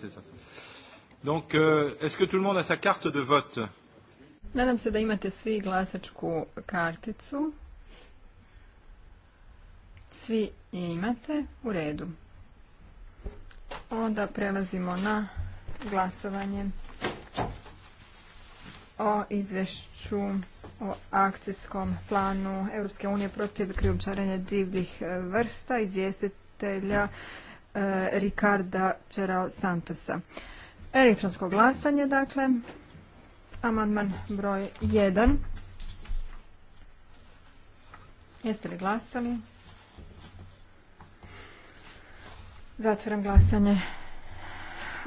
c'est ça. Donc, euh, est-ce que tout le monde a sa carte de vote Nadam se da imate svi glasačku karticu. Svi imate u redu. Onda prelazimo na glasovanje o izvješću o akcijskom planu Europske unije protiv krijumčarenja divljih vrsta izvjestitelja E, Ricarda Čerao Santosa. Elektronsko glasanje, dakle. Amandman broj 1. Jeste li glasali? Zatvoram glasanje.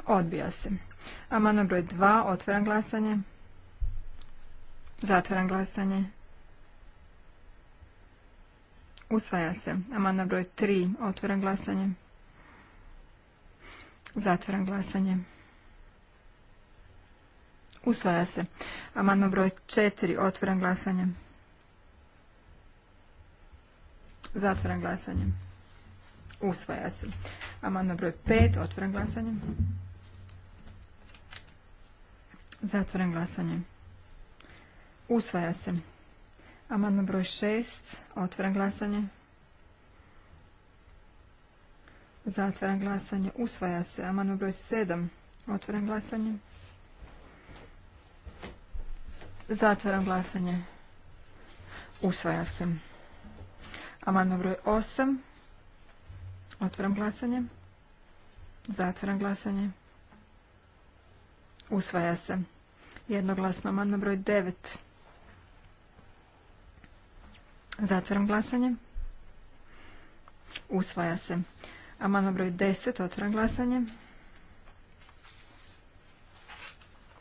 Odbija se. Amandman broj 2. Otvoram glasanje. Zatvoram glasanje. Usvaja se. Amandman broj 3. Otvoram glasanje. Zatvaram glasanje. Usvaja se. Amandman broj 4. Otvaram glasanje. Zatvaram glasanje. Usvaja se. Amandman broj 5. Otvaram glasanje. Zatvaram glasanje. Usvaja se. Amandman broj 6. Otvaram glasanje. Zatvaram glasanje. Usvaja se. Amandman broj 7. Otvaram glasanje. Zatvaram glasanje. Usvaja se. Amandman broj 8. Otvaram glasanje. Zatvaram glasanje. Usvaja se. Jednoglasno amandman broj 9. Zatvaram glasanje. Usvaja se. Amandman broj 10. Otvoram glasanje.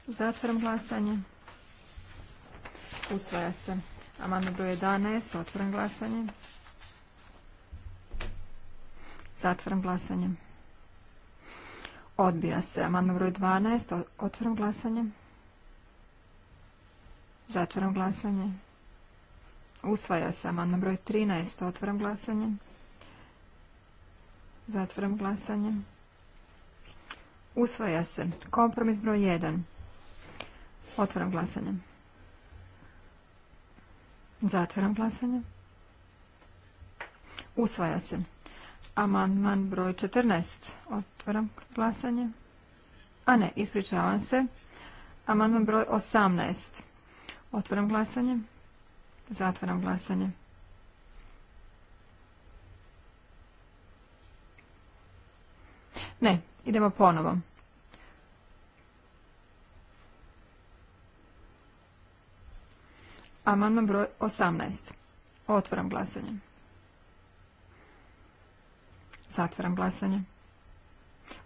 Zatvoram glasanje. Usvaja se. Amandman broj 11. Otvoram glasanje. Zatvoram glasanje. Odbija se. Amandman broj 12. Otvoram glasanje. Zatvoram glasanje. Usvaja se. Amandman broj 13. Otvoram glasanje. Zatvaram glasanje. Usvaja se. Kompromis broj 1. Otvaram glasanje. Zatvaram glasanje. Usvaja se. Amandman broj 14. Otvaram glasanje. A ne, ispričavam se. Amandman broj 18. Otvaram glasanje. Zatvaram glasanje. Ne, idemo ponovo. Amandman broj 18. Otvaram glasanje. Zatvaram glasanje.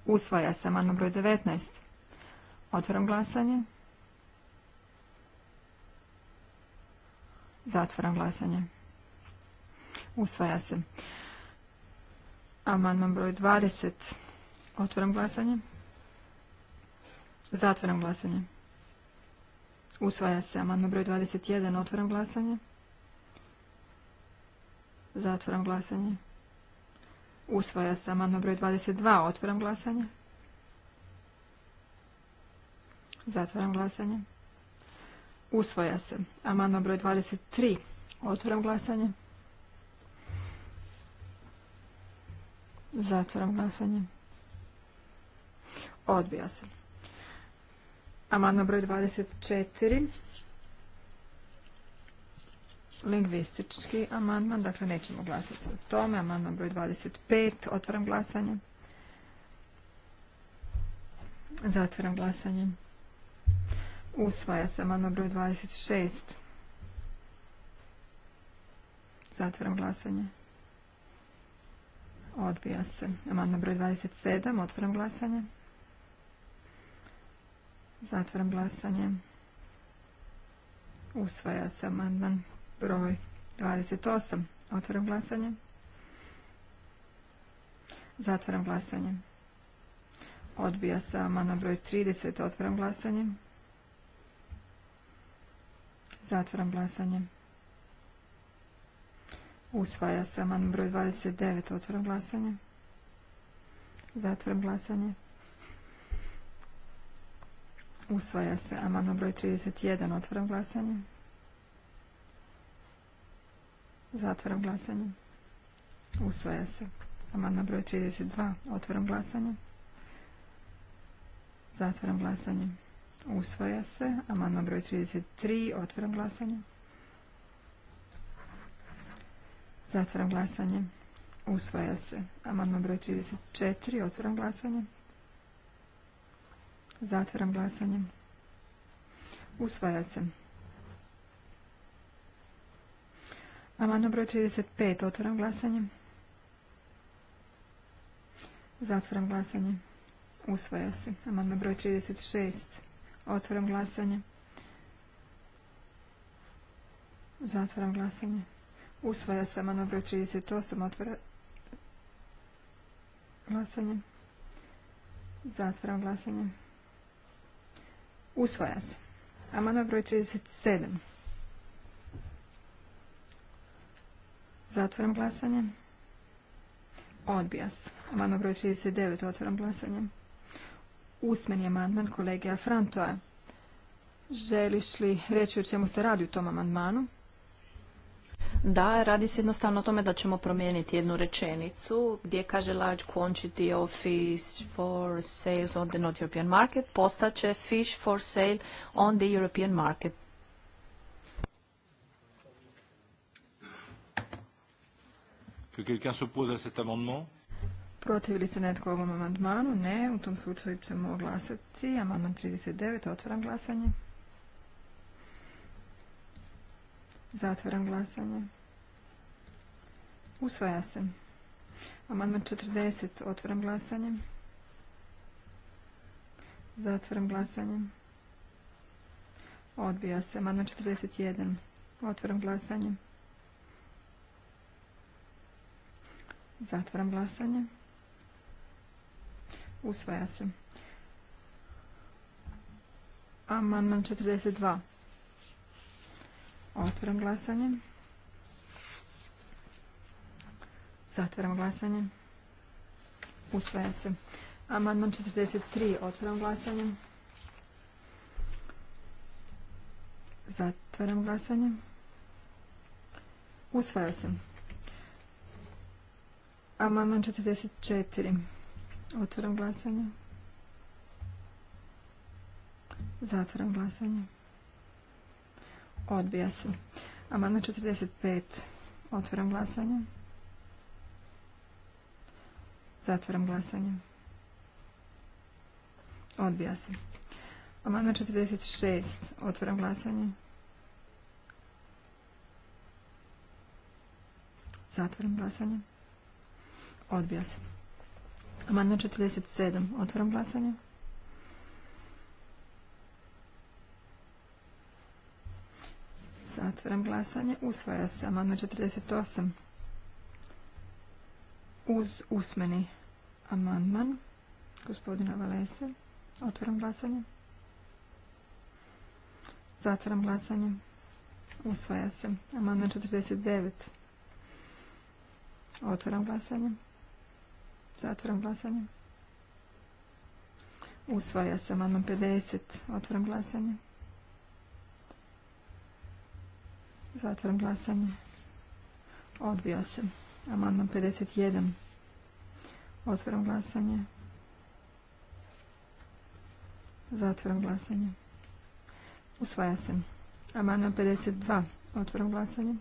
Usvaja se amandman broj 19. Otvaram glasanje. Zatvaram glasanje. Usvaja se. Amandman broj 20. Otvaram glasanje. Zatvaram glasanje. Usvaja se amandman broj 21. Otvaram glasanje. Zatvaram glasanje. Usvaja se amandman broj 22. Otvaram glasanje. Zatvaram glasanje. Usvaja se amandman broj 23. Otvaram glasanje. Zatvaram glasanje. Odbija se. Amandman broj 24. Lingvistički amandman, dakle nećemo glasati o tome. Amandman broj 25. Otvaram glasanje. Zatvaram glasanje. Usvaja se amandman broj 26. Zatvaram glasanje. Odbija se. Amandman broj 27. Otvaram glasanje. Zatvaram glasanje. Usvaja se amandman broj 28. Otvaram glasanje. Zatvaram glasanje. Odbija se amandman broj 30. Otvaram glasanje. Zatvaram glasanje. Usvaja se amandman broj 29. Otvaram glasanje. Zatvaram glasanje. Usvaja se amandman broj 31. Otvaram glasanje. Zatvaram glasanje. Usvaja se. Amandman broj 32. Otvaram glasanje. Zatvaram glasanje. Usvaja se. Amandman broj 33. Otvaram glasanje. Zatvaram glasanje. Usvaja se. Amandman broj 34. Otvaram glasanje. Zatvaram glasanje. Usvaja se. Amandman broj 35. Otvaram glasanje. Zatvaram glasanje. Usvaja se. Amandman broj 36. Otvaram glasanje. Zatvaram glasanje. Usvaja se. amano broj 38. Otvaram glasanje. Zatvaram glasanje. Usvaja se. Amandman broj 37. Zatvaram glasanje. Odbija se. Amandman broj 39. Otvaram glasanje. Usmeni amandman kolege frantoa Želiš li reći o čemu se radi u tom amandmanu? Da, radi se jednostavno o tome da ćemo promijeniti jednu rečenicu gdje kaže large quantity of fish for sales on the not European market postaće fish for sale on the European market. Que Protiv li se netko ovom amandmanu? Ne. U tom slučaju ćemo glasati. Amandman 39. Otvaram glasanje. Zatvaram glasanje. Usvaja se. Amandman 40. Otvaram glasanje. Zatvaram glasanje. Odbija se. Amandman 41. Otvaram glasanje. Zatvaram glasanje. Usvaja se. Amandman 42. Otvaram glasanje. Zatvaram glasanje. Usvaja se. Amandman 43. Otvaram glasanje. Zatvaram glasanje. Usvaja se. Amandman 44. Otvaram glasanje. Zatvaram glasanje. Odbija se. Amandman 45. Otvaram glasanje. Zatvaram glasanje. Odbija se. Amandman 46. Otvaram glasanje. Zatvaram glasanje. Odbija se. Amandman 47. Otvaram glasanje. Zatvaram glasanje. Usvaja se amandman 48. Uz usmeni amandman gospodina Valese. otvoram glasanje. Zatvaram glasanje. Usvaja se. Amandman 49. Otvaram glasanje. Zatvaram glasanje. Usvaja se. Amandman 50. Otvaram glasanje. Zatvaram glasanje. Odbio se. Amandman 51. Otvaram glasanje. Zatvaram glasanje. Usvaja se. Amandman 52. Otvaram glasanje.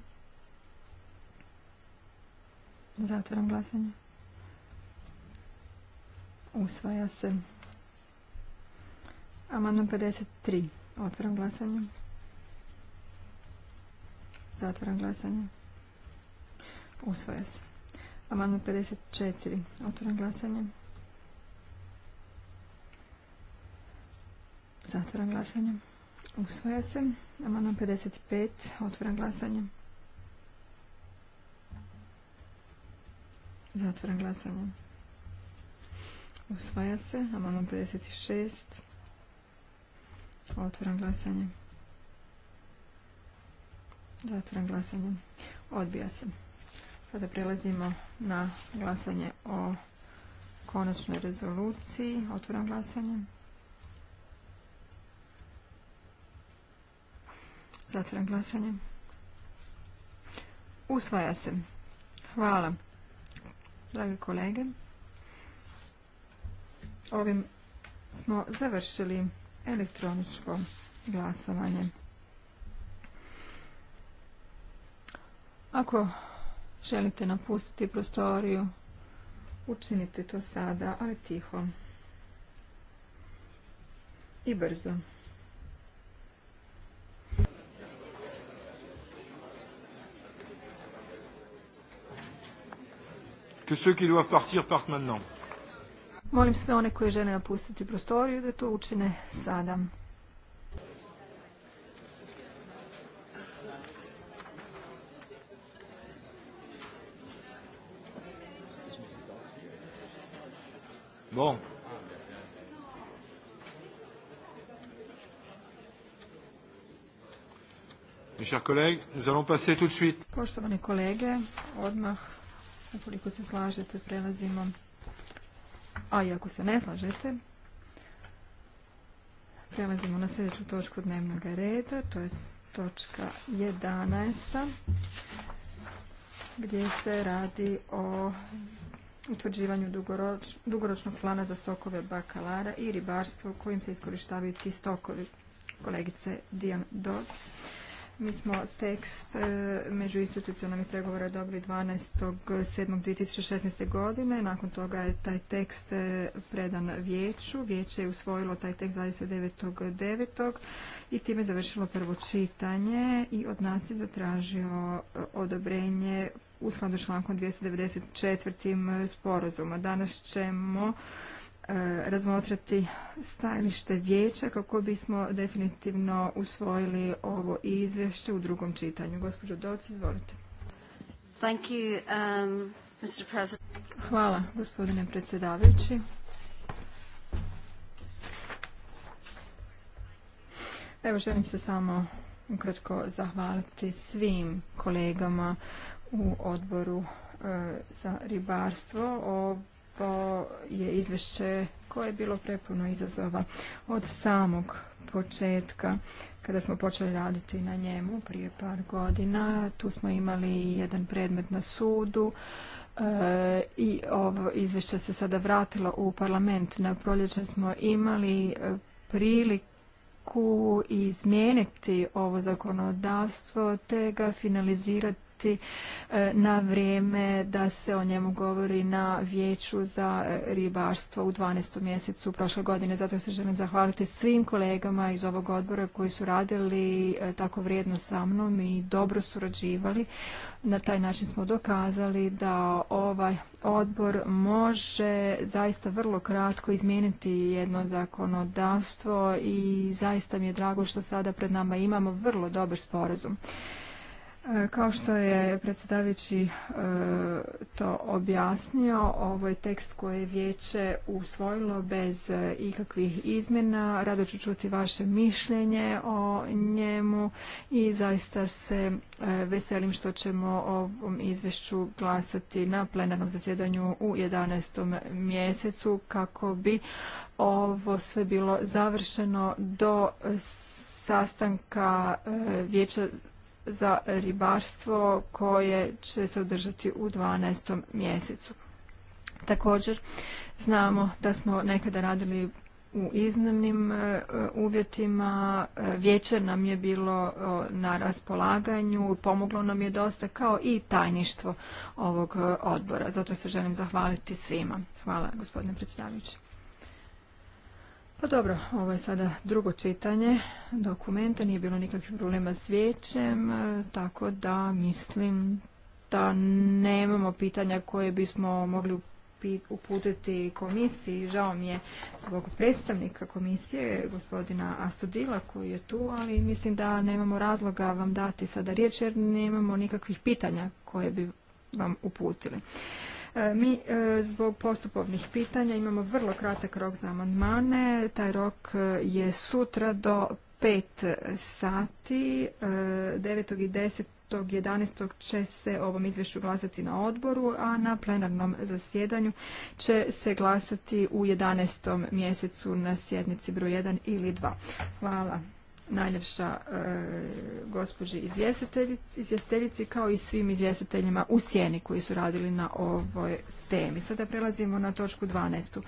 Zatvaram glasanje. Usvaja se. Amandman 53. Otvaram glasanje. Zatvaram glasanje. Usvaja se. Amandman 54. Otvoram glasanje. Zatvoram glasanje. Usvaja se. Amandman 55. Otvoram glasanje. Zatvoram glasanje. Usvaja se. Amandman 56. Otvoram glasanje. Zatvoram glasanje. Odbija se. Sada prelazimo na glasanje o konačnoj rezoluciji. Otvoram glasanje. Zatvoram glasanje. Usvaja se. Hvala. Dragi kolege, ovim smo završili elektroničko glasovanje. Ako želite napustiti prostoriju, učinite to sada, ali tiho i brzo. Que ceux qui doivent partir partent maintenant. Molim sve one koje žele napustiti prostoriju da to učine sada. Bon. Poštovani kolege, odmah, ukoliko se slažete, prelazimo. A i ako se ne slažete, prelazimo na sljedeću točku dnevnog reda. To je točka 11. gdje se radi o utvrđivanju dugoročnog plana za stokove bakalara i ribarstvo kojim se iskorištavaju ti stokovi kolegice Dijan doc Mi smo tekst e, među institucionalnih pregovora dobili 12.7.2016. godine. Nakon toga je taj tekst e, predan vijeću. Vijeće je usvojilo taj tekst 29.9. i time završilo prvo čitanje i od nas je zatražio e, odobrenje u skladu s člankom 294. E, sporazuma. Danas ćemo e, razmotrati stajalište vijeća kako bismo definitivno usvojili ovo izvješće u drugom čitanju. Gospođo Doc, izvolite. Thank you, um, Hvala, gospodine predsjedavajući. Evo želim se samo ukratko zahvaliti svim kolegama u odboru e, za ribarstvo. Ovo je izvješće koje je bilo prepuno izazova od samog početka kada smo počeli raditi na njemu prije par godina. Tu smo imali jedan predmet na sudu e, i ovo izvješće se sada vratilo u parlament. Na proljeće smo imali e, priliku izmijeniti ovo zakonodavstvo te ga finalizirati E, na vrijeme da se o njemu govori na vijeću za e, ribarstvo u 12. mjesecu prošle godine. Zato se želim zahvaliti svim kolegama iz ovog odbora koji su radili e, tako vrijedno sa mnom i dobro surađivali. Na taj način smo dokazali da ovaj odbor može zaista vrlo kratko izmijeniti jedno zakonodavstvo i zaista mi je drago što sada pred nama imamo vrlo dobar sporazum. E, kao što je predsjedavajući e, to objasnio, ovo je tekst koje je vijeće usvojilo bez e, ikakvih izmjena. Rado ću čuti vaše mišljenje o njemu i zaista se veselim što ćemo ovom izvješću glasati na plenarnom zasjedanju u 11. mjesecu kako bi ovo sve bilo završeno do sastanka vijeća za ribarstvo koje će se održati u 12. mjesecu. Također znamo da smo nekada radili u iznimnim e, uvjetima, e, vijeće nam je bilo e, na raspolaganju, pomoglo nam je dosta kao i tajništvo ovog odbora. Zato se želim zahvaliti svima. Hvala gospodine predstavljajući. Pa dobro, ovo je sada drugo čitanje dokumenta, nije bilo nikakvih problema s vijećem, e, tako da mislim da nemamo pitanja koje bismo mogli uputiti komisiji. Žao mi je zbog predstavnika komisije, gospodina Astudila koji je tu, ali mislim da nemamo razloga vam dati sada riječ jer nemamo nikakvih pitanja koje bi vam uputili. E, mi e, zbog postupovnih pitanja imamo vrlo kratak rok za amandmane. Taj rok e, je sutra do 5 sati, 9. i 10. 11. će se ovom izvješću glasati na odboru, a na plenarnom zasjedanju će se glasati u 11. mjesecu na sjednici broj 1 ili 2. Hvala najljepša e, gospođi izvjestiteljici kao i svim izvjestiteljima u sjeni koji su radili na ovoj temi. Sada prelazimo na točku 12.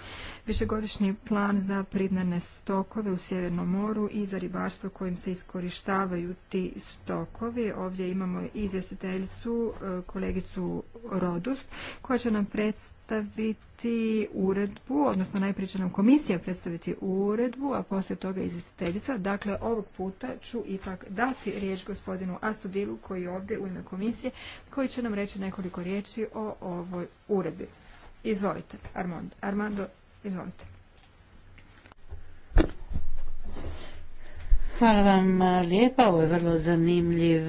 Višegodišnji plan za pridnane stokove u Sjevernom moru i za ribarstvo kojim se iskorištavaju ti stokovi. Ovdje imamo izvjestiteljicu, e, kolegicu Rodust, koja će nam predstaviti predstaviti uredbu, odnosno najprije će nam komisija predstaviti uredbu, a poslije toga izvjestiteljica. Dakle, ovog puta ću ipak dati riječ gospodinu Astudilu koji je ovdje u ime komisije, koji će nam reći nekoliko riječi o ovoj uredbi. Izvolite, Armando. Armando, izvolite. Hvala vam lijepa, ovo je vrlo zanimljiv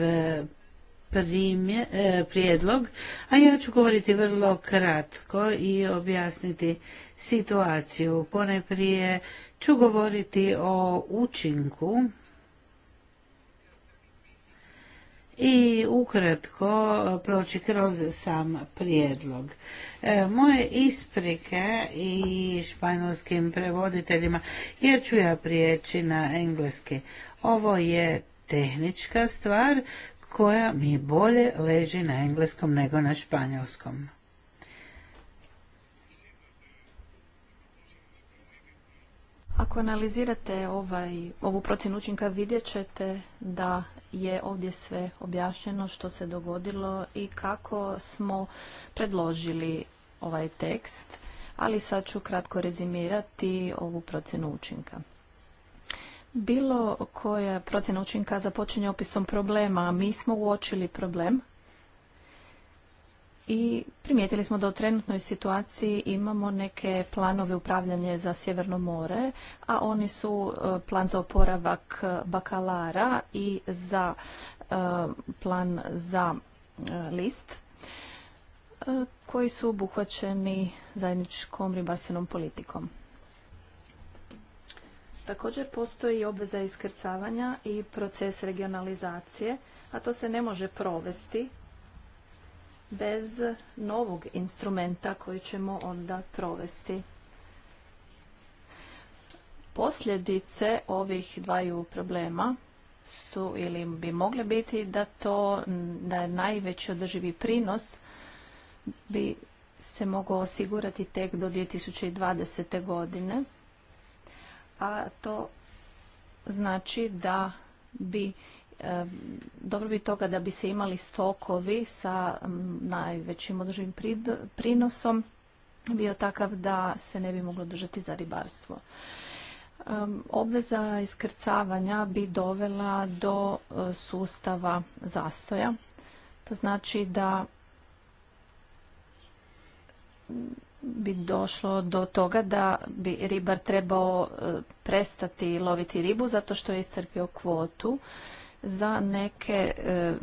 primje, e, prijedlog, a ja ću govoriti vrlo kratko i objasniti situaciju. Poneprije ću govoriti o učinku i ukratko proći kroz sam prijedlog. E, moje isprike i španjolskim prevoditeljima, jer ću ja prijeći na engleski. Ovo je tehnička stvar koja mi bolje leži na engleskom nego na španjolskom. Ako analizirate ovaj, ovu procjenu učinka vidjet ćete da je ovdje sve objašnjeno što se dogodilo i kako smo predložili ovaj tekst, ali sad ću kratko rezimirati ovu procjenu učinka. Bilo koja procjena učinka započinje opisom problema. Mi smo uočili problem i primijetili smo da u trenutnoj situaciji imamo neke planove upravljanje za Sjeverno more, a oni su e, plan za oporavak bakalara i za e, plan za e, list koji su obuhvaćeni zajedničkom ribarstvenom politikom. Također postoji obveza iskrcavanja i proces regionalizacije, a to se ne može provesti bez novog instrumenta koji ćemo onda provesti. Posljedice ovih dvaju problema su ili bi mogle biti da to da je najveći održivi prinos bi se mogao osigurati tek do 2020. godine a to znači da bi e, dobro bi toga da bi se imali stokovi sa najvećim održivim prinosom bio takav da se ne bi moglo držati za ribarstvo. E, obveza iskrcavanja bi dovela do e, sustava zastoja. To znači da bi došlo do toga da bi ribar trebao e, prestati loviti ribu zato što je iscrpio kvotu za neke e,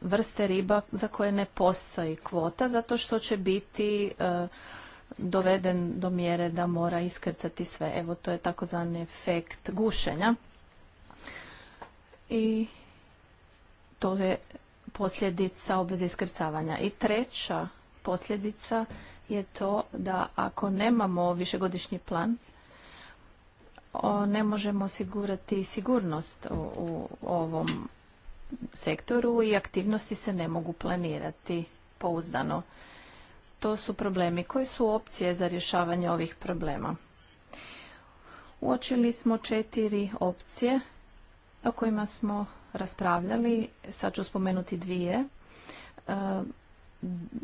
vrste riba za koje ne postoji kvota zato što će biti e, doveden do mjere da mora iskrcati sve. Evo to je takozvani efekt gušenja. I to je posljedica obez iskrcavanja. I treća posljedica je to da ako nemamo višegodišnji plan, ne možemo osigurati sigurnost u ovom sektoru i aktivnosti se ne mogu planirati pouzdano. To su problemi. Koje su opcije za rješavanje ovih problema? Uočili smo četiri opcije o kojima smo raspravljali. Sad ću spomenuti dvije. E,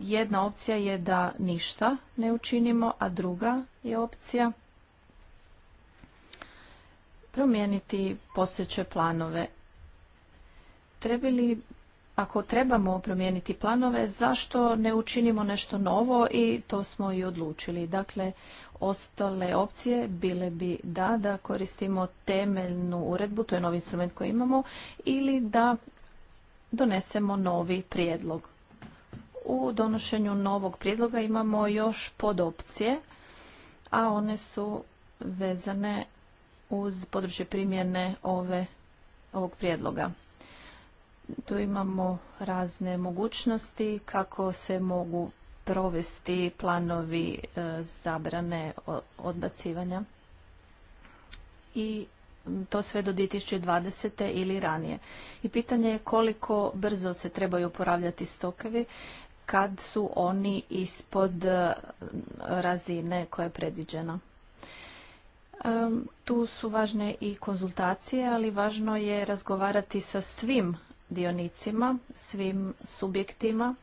jedna opcija je da ništa ne učinimo, a druga je opcija promijeniti postojeće planove. Trebili, ako trebamo promijeniti planove, zašto ne učinimo nešto novo i to smo i odlučili. Dakle, ostale opcije bile bi da, da koristimo temeljnu uredbu, to je novi instrument koji imamo, ili da donesemo novi prijedlog u donošenju novog prijedloga imamo još podopcije, a one su vezane uz područje primjene ove, ovog prijedloga. Tu imamo razne mogućnosti kako se mogu provesti planovi e, zabrane odbacivanja i to sve do 2020. ili ranije. I pitanje je koliko brzo se trebaju oporavljati stokevi kad su oni ispod e, razine koja je predviđena. Tu su važne i konzultacije, ali važno je razgovarati sa svim dionicima, svim subjektima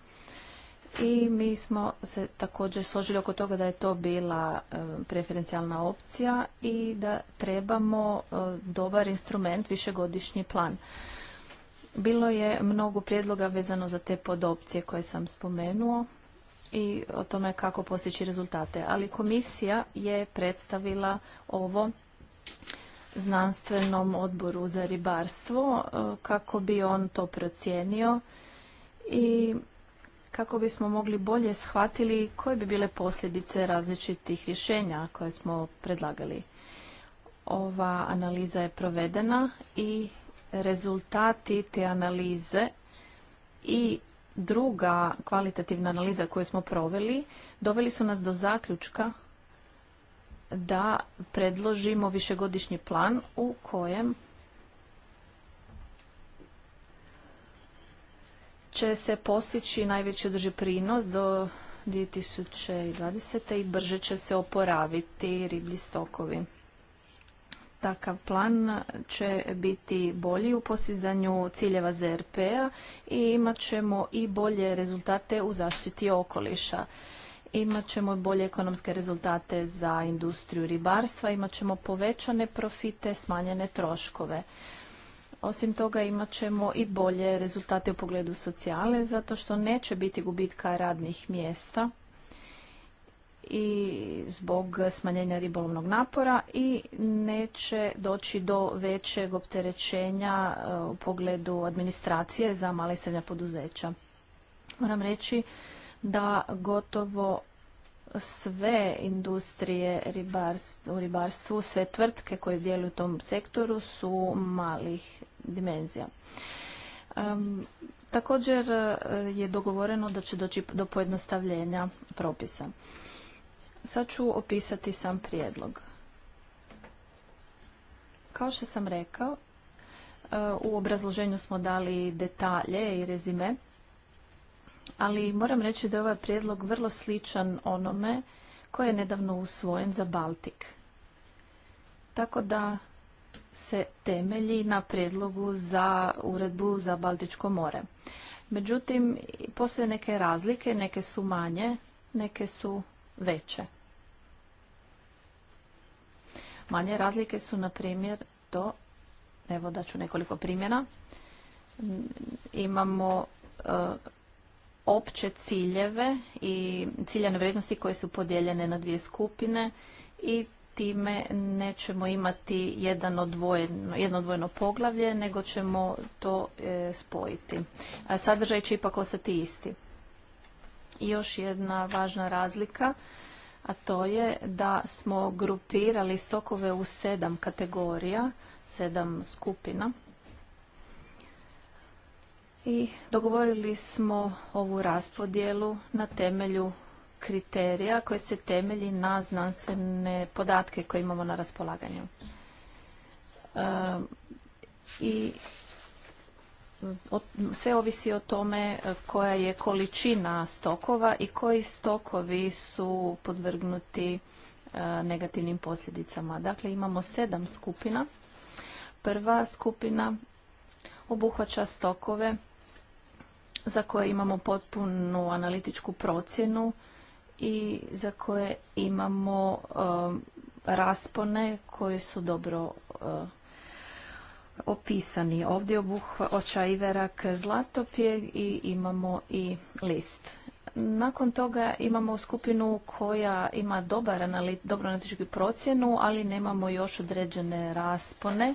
i mi smo se također složili oko toga da je to bila e, preferencijalna opcija i da trebamo e, dobar instrument, višegodišnji plan. Bilo je mnogo prijedloga vezano za te podopcije koje sam spomenuo i o tome kako postići rezultate. Ali komisija je predstavila ovo znanstvenom odboru za ribarstvo e, kako bi on to procijenio i kako bismo mogli bolje shvatili koje bi bile posljedice različitih rješenja koje smo predlagali. Ova analiza je provedena i rezultati te analize i druga kvalitativna analiza koju smo proveli doveli su nas do zaključka da predložimo višegodišnji plan u kojem će se postići najveći održi prinos do 2020. i brže će se oporaviti riblji stokovi. Takav plan će biti bolji u postizanju ciljeva ZRP-a i imat ćemo i bolje rezultate u zaštiti okoliša. Imat ćemo bolje ekonomske rezultate za industriju ribarstva, imat ćemo povećane profite, smanjene troškove. Osim toga imat ćemo i bolje rezultate u pogledu socijale, zato što neće biti gubitka radnih mjesta i zbog smanjenja ribolovnog napora i neće doći do većeg opterećenja e, u pogledu administracije za male i srednja poduzeća. Moram reći da gotovo sve industrije u ribarstvu, sve tvrtke koje djeluju u tom sektoru su malih dimenzija. također e, je dogovoreno da će doći do pojednostavljenja propisa. Sad ću opisati sam prijedlog. Kao što sam rekao, e, u obrazloženju smo dali detalje i rezime, ali moram reći da je ovaj prijedlog vrlo sličan onome koji je nedavno usvojen za Baltik. Tako da se temelji na prijedlogu za uredbu za Baltičko more. Međutim, postoje neke razlike, neke su manje, neke su veće. Manje razlike su, na primjer, to, evo da ću nekoliko primjera, imamo e, opće ciljeve i ciljane vrijednosti koje su podijeljene na dvije skupine i time nećemo imati jedan jedno odvojeno poglavlje, nego ćemo to e, spojiti. A sadržaj će ipak ostati isti još jedna važna razlika, a to je da smo grupirali stokove u sedam kategorija, sedam skupina. I dogovorili smo ovu raspodjelu na temelju kriterija koje se temelji na znanstvene podatke koje imamo na raspolaganju. E, I sve ovisi o tome e, koja je količina stokova i koji stokovi su podvrgnuti e, negativnim posljedicama. Dakle, imamo sedam skupina. Prva skupina obuhvaća stokove za koje imamo potpunu analitičku procjenu i za koje imamo e, raspone koje su dobro opisani. Ovdje obuhvaća i verak zlatopijeg i imamo i list. Nakon toga imamo skupinu koja ima dobar anali, dobro analitičku procjenu, ali nemamo još određene raspone.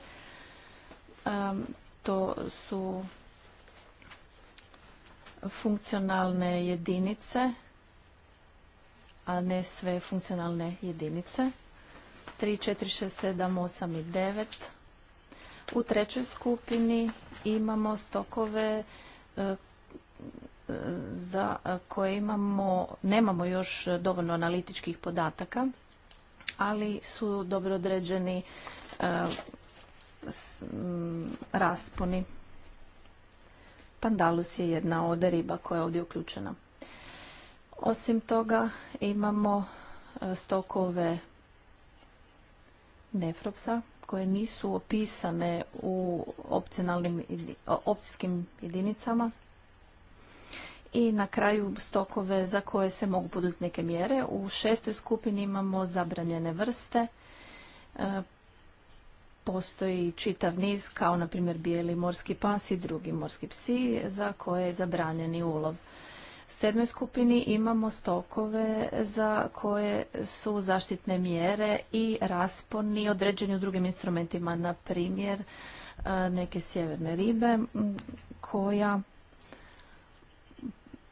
to su funkcionalne jedinice, a ne sve funkcionalne jedinice. 3, 4, 6, 7, 8 i 9. U trećoj skupini imamo stokove e, za koje imamo, nemamo još dovoljno analitičkih podataka, ali su dobro određeni e, rasponi. Pandalus je jedna od riba koja je ovdje uključena. Osim toga imamo e, stokove nefropsa koje nisu opisane u opcionalnim, opcijskim jedinicama i na kraju stokove za koje se mogu poduzeti neke mjere. U šestoj skupini imamo zabranjene vrste. E, postoji čitav niz kao na primjer bijeli morski pas i drugi morski psi za koje je zabranjeni ulov sedmoj skupini imamo stokove za koje su zaštitne mjere i rasponi određeni u drugim instrumentima, na primjer e, neke sjeverne ribe koja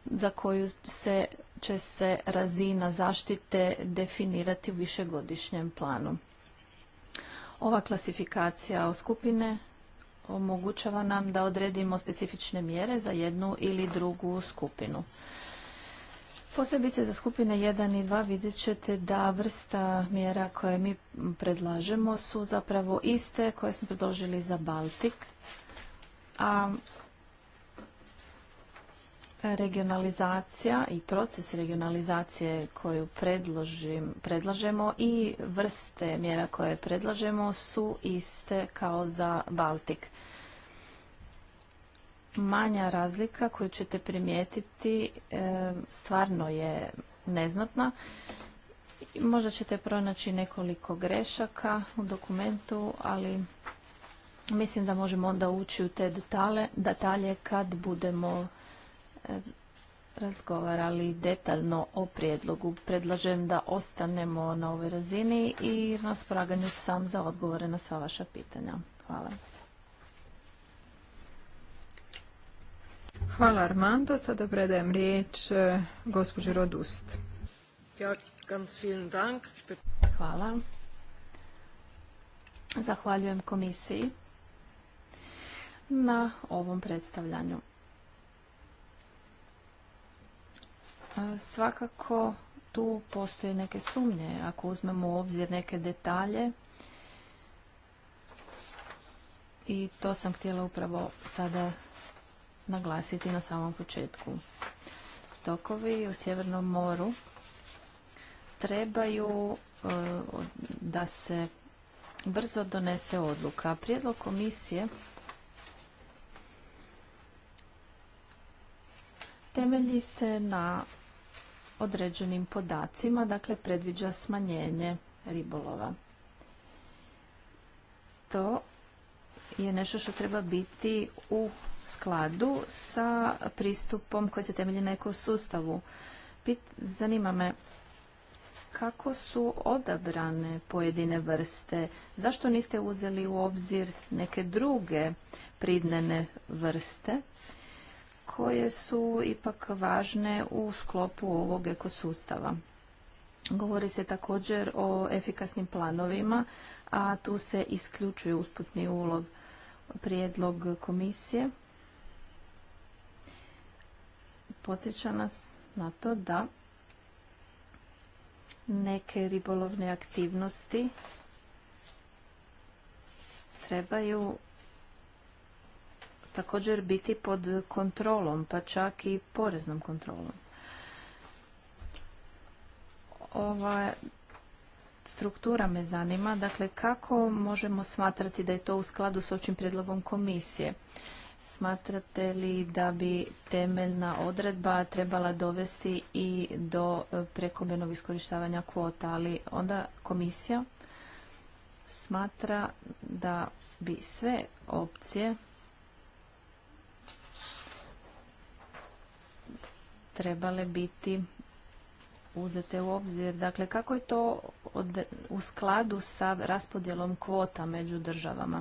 za koju se, će se razina zaštite definirati u višegodišnjem planu. Ova klasifikacija o skupine omogućava nam da odredimo specifične mjere za jednu ili drugu skupinu. Posebice za skupine 1 i 2 vidjet ćete da vrsta mjera koje mi predlažemo su zapravo iste koje smo predložili za Baltik, a Regionalizacija i proces regionalizacije koju predložim, predlažemo i vrste mjera koje predlažemo su iste kao za Baltik. Manja razlika koju ćete primijetiti e, stvarno je neznatna. Možda ćete pronaći nekoliko grešaka u dokumentu, ali mislim da možemo onda ući u te detalje, detalje kad budemo E, razgovarali detaljno o prijedlogu. Predlažem da ostanemo na ovoj razini i na sam za odgovore na sva vaša pitanja. Hvala. Hvala Armando. Sada predajem riječ e, gospođi Rodust. Hvala. Zahvaljujem komisiji na ovom predstavljanju. Svakako tu postoje neke sumnje. Ako uzmemo u obzir neke detalje, i to sam htjela upravo sada naglasiti na samom početku. Stokovi u Sjevernom moru trebaju e, da se brzo donese odluka. Prijedlog komisije temelji se na određenim podacima, dakle predviđa smanjenje ribolova. To je nešto što treba biti u skladu sa pristupom koji se temelji na ekosustavu. Zanima me kako su odabrane pojedine vrste? Zašto niste uzeli u obzir neke druge pridnene vrste? koje su ipak važne u sklopu ovog ekosustava. Govori se također o efikasnim planovima, a tu se isključuje usputni ulog prijedlog komisije. Podsjeća nas na to da neke ribolovne aktivnosti trebaju također biti pod kontrolom, pa čak i poreznom kontrolom. Ova struktura me zanima, dakle kako možemo smatrati da je to u skladu s općim prijedlogom komisije? Smatrate li da bi temeljna odredba trebala dovesti i do prekomjernog iskorištavanja kvota, ali onda komisija smatra da bi sve opcije trebale biti uzete u obzir. Dakle, kako je to u skladu sa raspodjelom kvota među državama?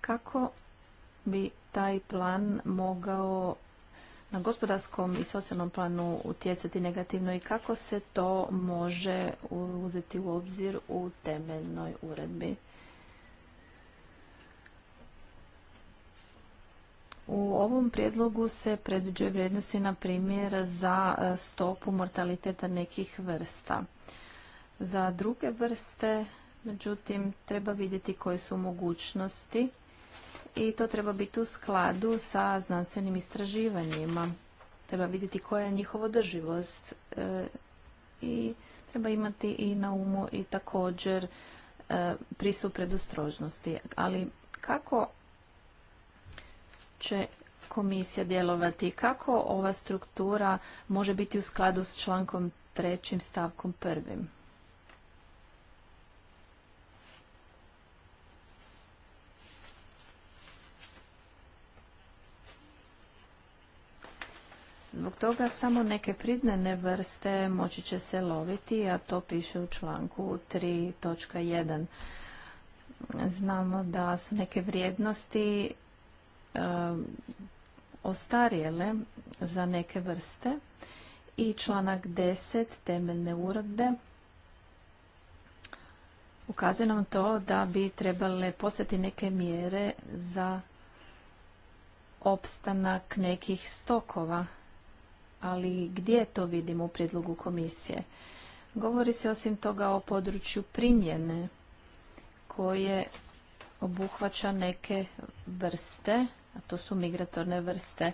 Kako bi taj plan mogao na gospodarskom i socijalnom planu utjecati negativno i kako se to može uzeti u obzir u temeljnoj uredbi? U ovom prijedlogu se predviđaju vrijednosti, na primjer, za e, stopu mortaliteta nekih vrsta. Za druge vrste, međutim, treba vidjeti koje su mogućnosti i to treba biti u skladu sa znanstvenim istraživanjima. Treba vidjeti koja je njihova održivost e, i treba imati i na umu i također e, pristup predostrožnosti. Ali kako će komisija djelovati? Kako ova struktura može biti u skladu s člankom trećim stavkom prvim? Zbog toga samo neke pridnene vrste moći će se loviti, a to piše u članku 3.1. Znamo da su neke vrijednosti ostarjele za neke vrste i članak 10 temeljne uredbe ukazuje nam to da bi trebale postati neke mjere za opstanak nekih stokova. Ali gdje to vidimo u prijedlogu komisije? Govori se osim toga o području primjene koje obuhvaća neke vrste a to su migratorne vrste.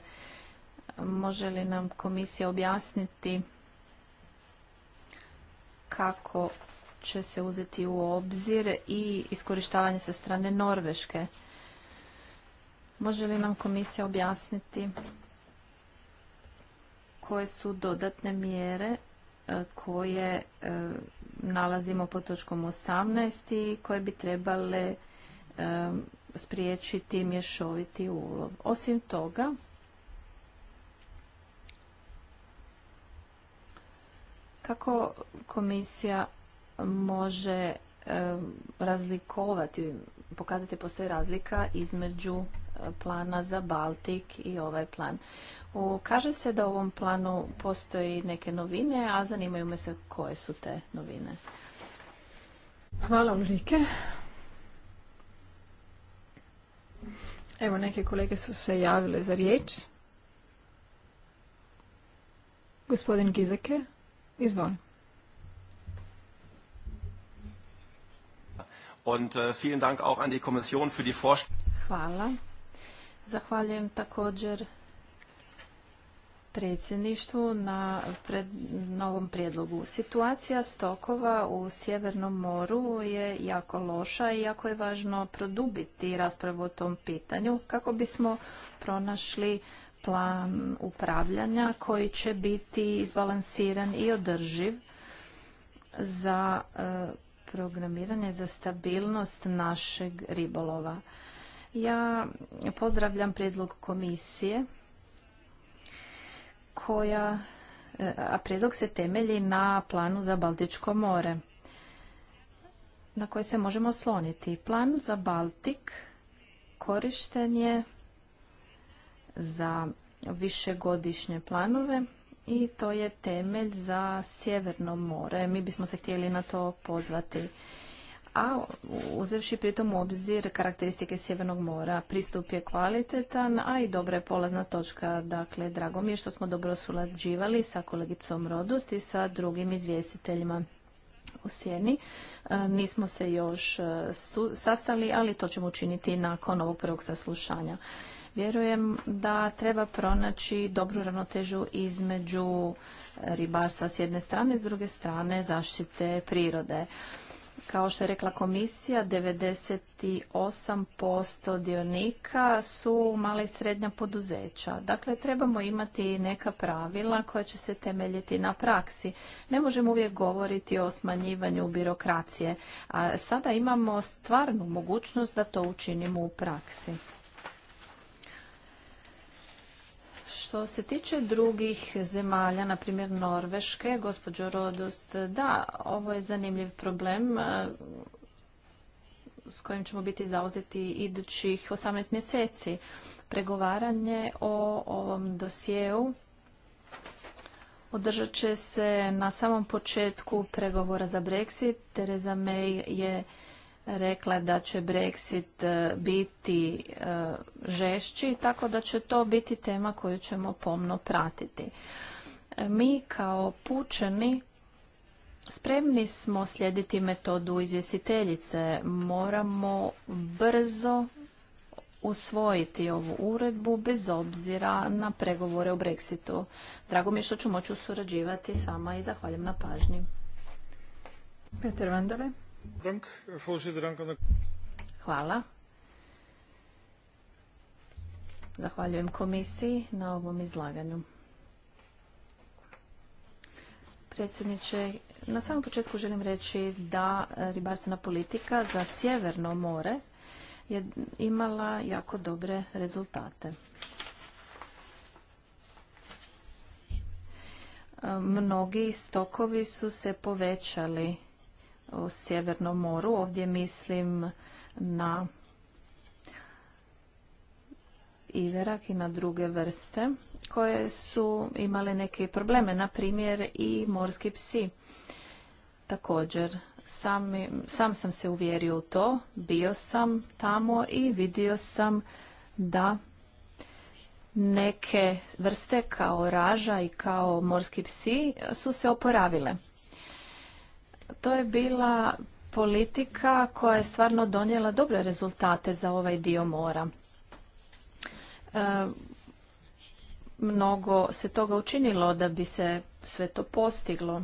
Može li nam komisija objasniti kako će se uzeti u obzir i iskorištavanje sa strane Norveške? Može li nam komisija objasniti koje su dodatne mjere e, koje e, nalazimo pod točkom 18 i koje bi trebale e, spriječiti mješoviti ulov. Osim toga, kako komisija može razlikovati, pokazati postoji razlika između e, plana za Baltik i ovaj plan. kaže se da u ovom planu postoji neke novine, a zanimaju me se koje su te novine. Hvala Ulrike. Evo, neke kolege su se javile za riječ. Gospodin Gizeke, izvon Und äh, vielen Dank auch an die Kommission für die Hvala. Zahvaljujem također predsjedništvu na novom prijedlogu. Situacija stokova u Sjevernom moru je jako loša i jako je važno produbiti raspravu o tom pitanju kako bismo pronašli plan upravljanja koji će biti izbalansiran i održiv za e, programiranje za stabilnost našeg ribolova. Ja pozdravljam prijedlog komisije koja, e, a prijedlog se temelji na planu za Baltičko more na koje se možemo osloniti. Plan za Baltik korišten je za višegodišnje planove i to je temelj za Sjeverno more. Mi bismo se htjeli na to pozvati a uzevši pritom u obzir karakteristike Sjevernog mora. Pristup je kvalitetan, a i dobra je polazna točka. Dakle, drago mi je što smo dobro sulađivali sa kolegicom Rodost i sa drugim izvjestiteljima u Sjeni. E, nismo se još e, sastali, ali to ćemo učiniti nakon ovog prvog saslušanja. Vjerujem da treba pronaći dobru ravnotežu između ribarstva s jedne strane, s druge strane zaštite prirode. Kao što je rekla komisija, 98% dionika su mala i srednja poduzeća. Dakle, trebamo imati neka pravila koja će se temeljiti na praksi. Ne možemo uvijek govoriti o smanjivanju birokracije, a sada imamo stvarnu mogućnost da to učinimo u praksi. Što se tiče drugih zemalja, na primjer Norveške, gospođo Rodost, da, ovo je zanimljiv problem e, s kojim ćemo biti zauzeti idućih 18 mjeseci. Pregovaranje o ovom dosjeu održat će se na samom početku pregovora za Brexit. Tereza May je rekla da će Brexit e, biti e, žešći, tako da će to biti tema koju ćemo pomno pratiti. E, mi kao pučani spremni smo slijediti metodu izvjestiteljice. Moramo brzo usvojiti ovu uredbu bez obzira na pregovore o Brexitu. Drago mi je što ću moći surađivati s vama i zahvaljujem na pažnji. Petar Vandove. Hvala. Zahvaljujem komisiji na ovom izlaganju. Predsjedniče, na samom početku želim reći da ribarstvena politika za Sjeverno more je imala jako dobre rezultate. Mnogi stokovi su se povećali u Sjevernom moru. Ovdje mislim na iverak i na druge vrste koje su imale neke probleme, na primjer i morski psi. Također, sam, sam sam se uvjerio u to, bio sam tamo i vidio sam da neke vrste kao raža i kao morski psi su se oporavile. To je bila politika koja je stvarno donijela dobre rezultate za ovaj dio mora. E, mnogo se toga učinilo da bi se sve to postiglo.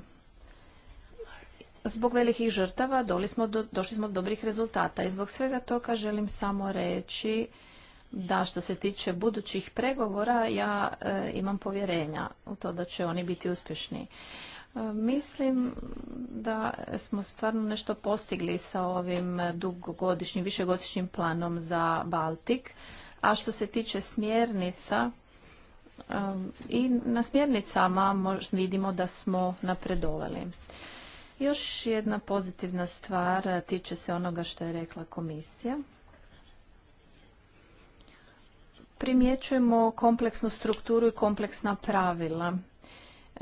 Zbog velikih žrtava doli smo do, došli smo do dobrih rezultata i zbog svega toga želim samo reći da što se tiče budućih pregovora ja e, imam povjerenja u to da će oni biti uspješni. Mislim da smo stvarno nešto postigli sa ovim dugogodišnjim, višegodišnjim planom za Baltik. A što se tiče smjernica, um, i na smjernicama vidimo da smo napredovali. Još jedna pozitivna stvar tiče se onoga što je rekla komisija. Primjećujemo kompleksnu strukturu i kompleksna pravila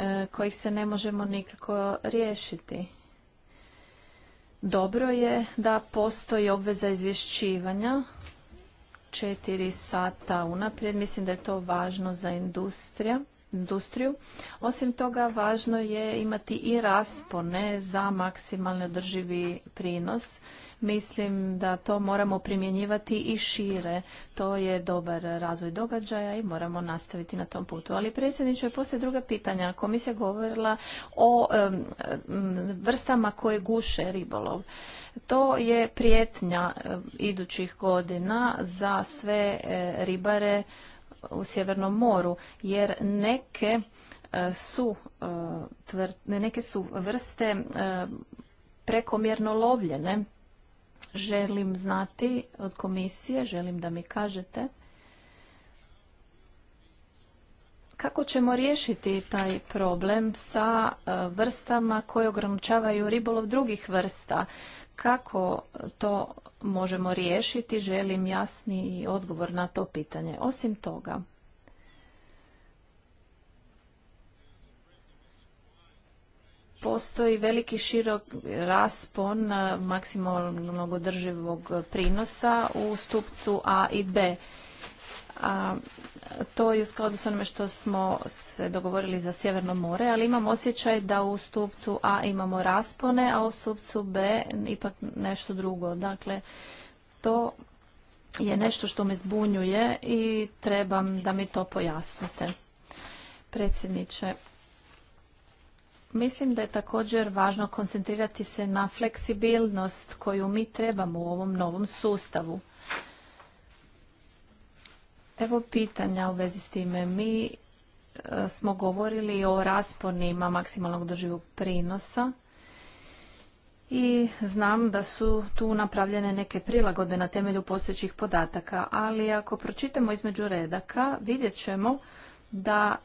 E, kojih se ne možemo nikako riješiti. Dobro je da postoji obveza izvješćivanja četiri sata unaprijed. Mislim da je to važno za industrija industriju. Osim toga, važno je imati i raspone za maksimalno drživi prinos. Mislim da to moramo primjenjivati i šire. To je dobar razvoj događaja i moramo nastaviti na tom putu. Ali predsjedniče, poslije druga pitanja. Komisija govorila o vrstama koje guše ribolov. To je prijetnja idućih godina za sve e, ribare u Sjevernom moru, jer neke e, su, e, neke su vrste e, prekomjerno lovljene. Želim znati od komisije, želim da mi kažete kako ćemo riješiti taj problem sa vrstama koje ograničavaju ribolov drugih vrsta kako to možemo riješiti, želim jasni odgovor na to pitanje. Osim toga, postoji veliki širok raspon maksimalnog održivog prinosa u stupcu A i B a to je u skladu s onome što smo se dogovorili za Sjeverno more, ali imam osjećaj da u stupcu A imamo raspone, a u stupcu B ipak nešto drugo. Dakle, to je nešto što me zbunjuje i trebam da mi to pojasnite. Predsjedniče, mislim da je također važno koncentrirati se na fleksibilnost koju mi trebamo u ovom novom sustavu. Evo pitanja u vezi s time. Mi e, smo govorili o rasponima maksimalnog doživog prinosa i znam da su tu napravljene neke prilagodbe na temelju postojećih podataka, ali ako pročitamo između redaka vidjet ćemo da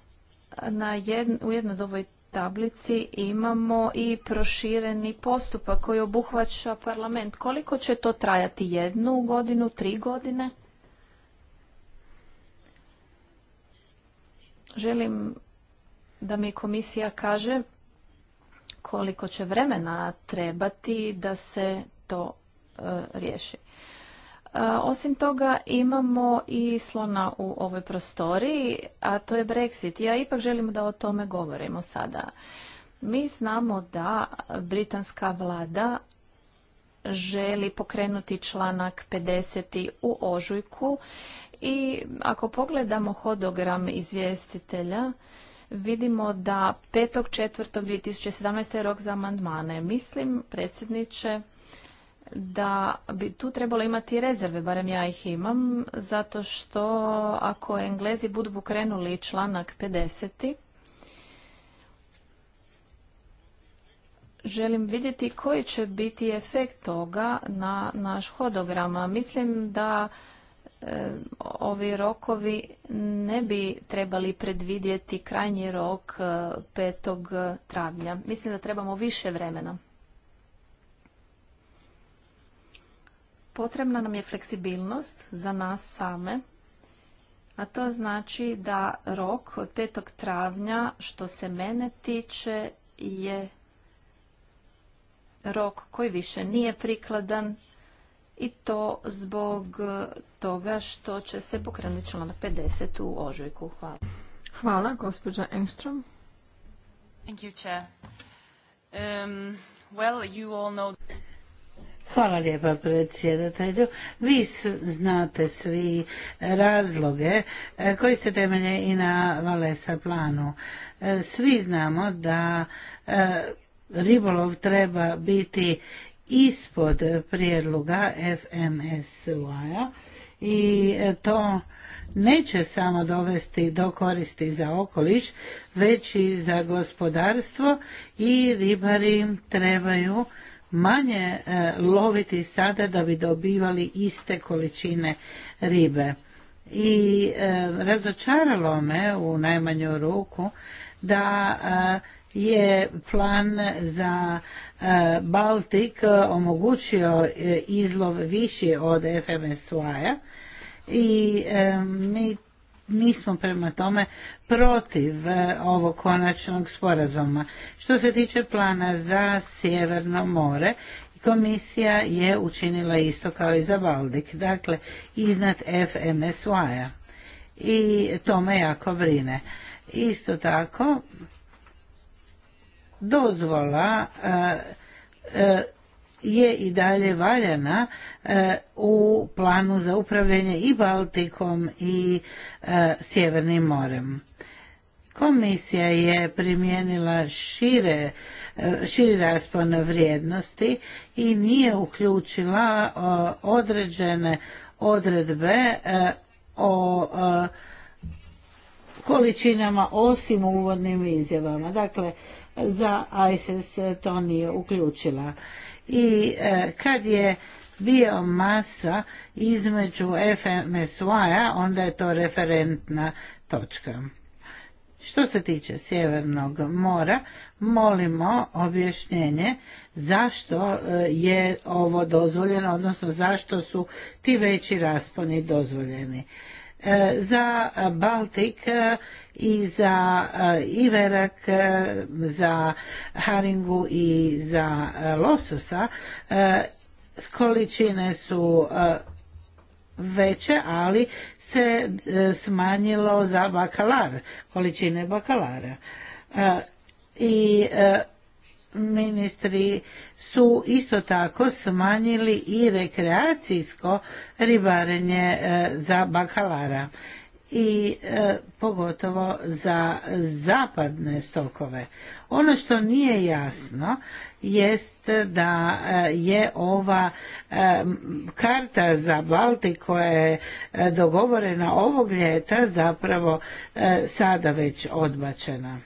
na u jednoj ovoj tablici imamo i prošireni postupak koji obuhvaća parlament. Koliko će to trajati? Jednu godinu, tri godine? Želim da mi komisija kaže koliko će vremena trebati da se to e, riješi. E, osim toga imamo i slona u ovoj prostoriji, a to je Brexit. Ja ipak želim da o tome govorimo sada. Mi znamo da britanska vlada želi pokrenuti članak 50. u ožujku i ako pogledamo hodogram izvjestitelja, vidimo da 5.4.2017. je rok za amandmane. Mislim, predsjedniče, da bi tu trebalo imati rezerve, barem ja ih imam, zato što ako Englezi budu pokrenuli članak 50. Želim vidjeti koji će biti efekt toga na naš hodogram. Mislim da E, ovi rokovi ne bi trebali predvidjeti krajnji rok 5. E, travnja. Mislim da trebamo više vremena. Potrebna nam je fleksibilnost za nas same, a to znači da rok od 5. travnja što se mene tiče je rok koji više nije prikladan i to zbog toga što će se pokrenuti članak 50 u ožujku. Hvala. Hvala, gospođa Engström. Thank you, Chair. Um, well, you all know... Hvala lijepa predsjedatelju. Vi znate svi razloge e, koji se temelje i na Valesa planu. E, svi znamo da e, ribolov treba biti ispod prijedloga FMSY-a i e, to neće samo dovesti do koristi za okoliš, već i za gospodarstvo i ribari trebaju manje e, loviti sada da bi dobivali iste količine ribe. I e, razočaralo me u najmanju ruku da je plan za e, Baltik e, omogućio e, izlov više od FMSY-a i mi mi smo prema tome protiv ovog konačnog sporazuma. Što se tiče plana za Sjeverno more, komisija je učinila isto kao i za Baldik, dakle iznad FMSY-a i to me jako brine. Isto tako, dozvola e, e, je i dalje valjana e, u planu za upravljanje i Baltikom i Sjevernim morem. Komisija je primijenila šire, širi raspon vrijednosti i nije uključila određene odredbe o količinama osim uvodnim izjavama. Dakle, za ISIS to nije uključila. I e, kad je bio masa između FMSY-a, onda je to referentna točka. Što se tiče Sjevernog mora, molimo objašnjenje zašto e, je ovo dozvoljeno, odnosno zašto su ti veći rasponi dozvoljeni. Eh, za eh, Baltik eh, i za Iverak, za Haringu i za Lososa. Količine su veće, ali se smanjilo za bakalar, količine bakalara. I ministri su isto tako smanjili i rekreacijsko ribarenje e, za bakalara i e, pogotovo za zapadne stokove. Ono što nije jasno jest da e, je ova karta za Baltik koja je dogovorena ovog ljeta zapravo sada već odbačena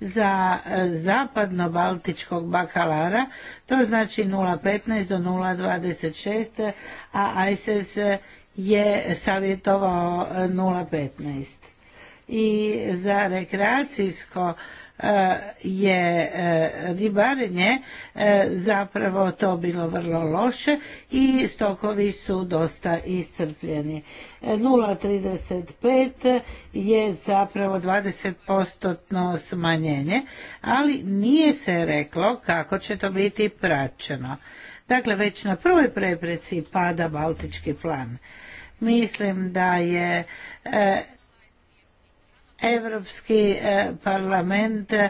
za e, zapadno-baltičkog bakalara, to znači 0,15 do 0,26, a ISS je savjetovao 0,15. E, I za rekreacijsko je e, ribarenje e, zapravo to bilo vrlo loše i stokovi su dosta iscrpljeni. 0,35 je zapravo 20% smanjenje, ali nije se reklo kako će to biti praćeno. Dakle, već na prvoj prepreci pada baltički plan. Mislim da je e, Europski e, parlament e,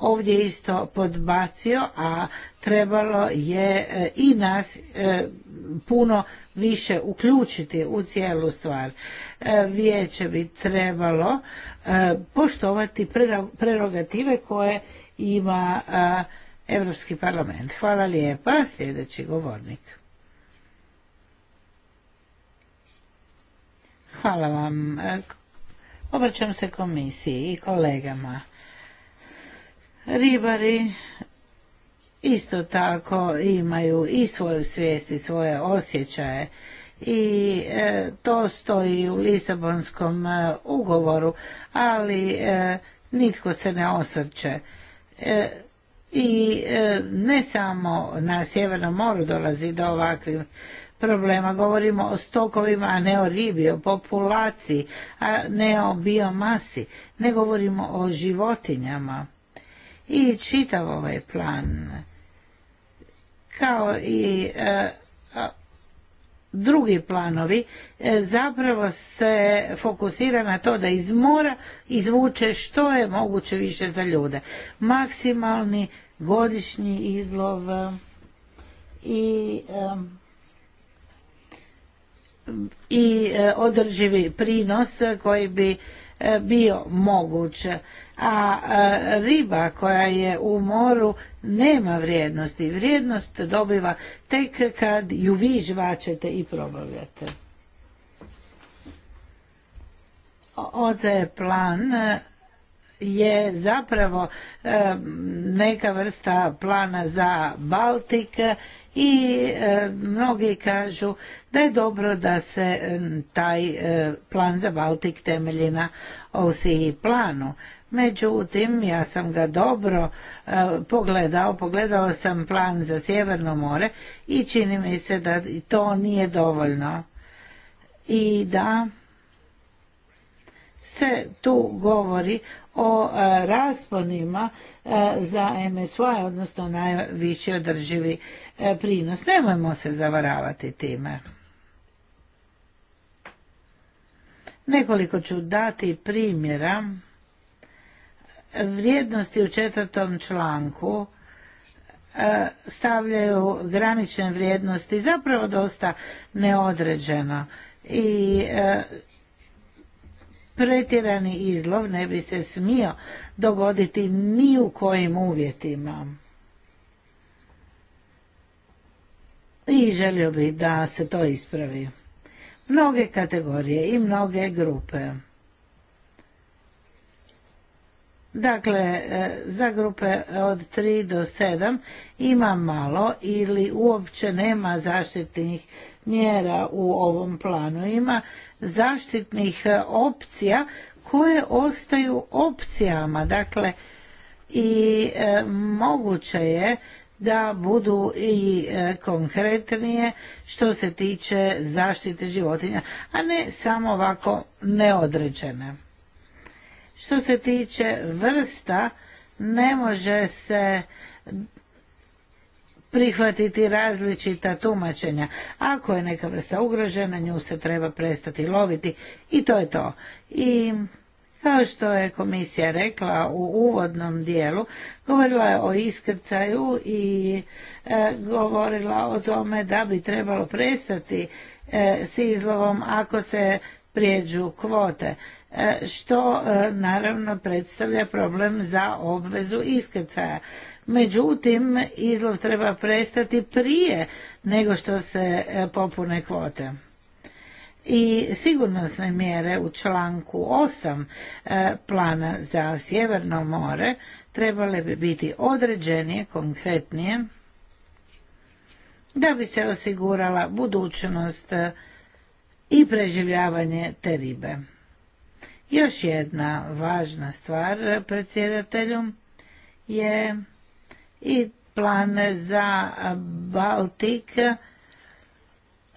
ovdje isto podbacio, a trebalo je e, i nas puno više uključiti u cijelu stvar. Vijeće bi trebalo poštovati prerogative koje ima Europski parlament. Hvala lijepa, sljedeći govornik. Hvala vam Obraćam se komisiji i kolegama. Ribari isto tako imaju i svoju svijest i svoje osjećaje i e, to stoji u Lisabonskom e, ugovoru, ali e, nitko se ne osvrće. I ne samo na Sjevernom moru dolazi do ovakvih problema. Govorimo o stokovima, a ne o ribi, o populaciji, a ne o biomasi. Ne govorimo o životinjama. I čitav ovaj plan, kao i e, drugi planovi e, zapravo se fokusira na to da iz mora izvuče što je moguće više za ljude. Maksimalni godišnji izlov i e, i e, održivi prinos koji bi e, bio moguć. A e, riba koja je u moru nema vrijednosti. Vrijednost dobiva tek kad ju vi žvačete i probavljate. Oze plan je zapravo neka vrsta plana za Baltik i mnogi kažu da je dobro da se taj e, plan za Baltik temelji na OSI planu. Međutim, ja sam ga dobro e, pogledao, pogledao sam plan za Sjeverno more i čini mi se da to nije dovoljno. I da se tu govori o e, rasponima za MSY, odnosno najviše održivi prinos. Nemojmo se zavaravati time. Nekoliko ću dati primjera vrijednosti u četvrtom članku e, stavljaju granične vrijednosti zapravo dosta neodređeno i e, pretjerani izlov ne bi se smio dogoditi ni u kojim uvjetima. I želio bi da se to ispravi mnoge kategorije i mnoge grupe. Dakle, e, za grupe od 3 do 7 ima malo ili uopće nema zaštitnih mjera u ovom planu. Ima zaštitnih e, opcija koje ostaju opcijama. Dakle, i e, moguće je da budu i e, konkretnije što se tiče zaštite životinja, a ne samo ovako neodređene. Što se tiče vrsta, ne može se prihvatiti različita tumačenja. Ako je neka vrsta ugrožena, nju se treba prestati loviti i to je to. I kao što je komisija rekla u uvodnom dijelu, govorila je o iskrcaju i e, govorila o tome da bi trebalo prestati e, s izlovom ako se prijeđu kvote, e, što naravno predstavlja problem za obvezu iskrcaja. Međutim, izlov treba prestati prije nego što se popune kvote i sigurnosne mjere u članku 8 e, plana za Sjeverno more trebale bi biti određenije, konkretnije, da bi se osigurala budućnost e, i preživljavanje te ribe. Još jedna važna stvar e, predsjedatelju je i plan za Baltik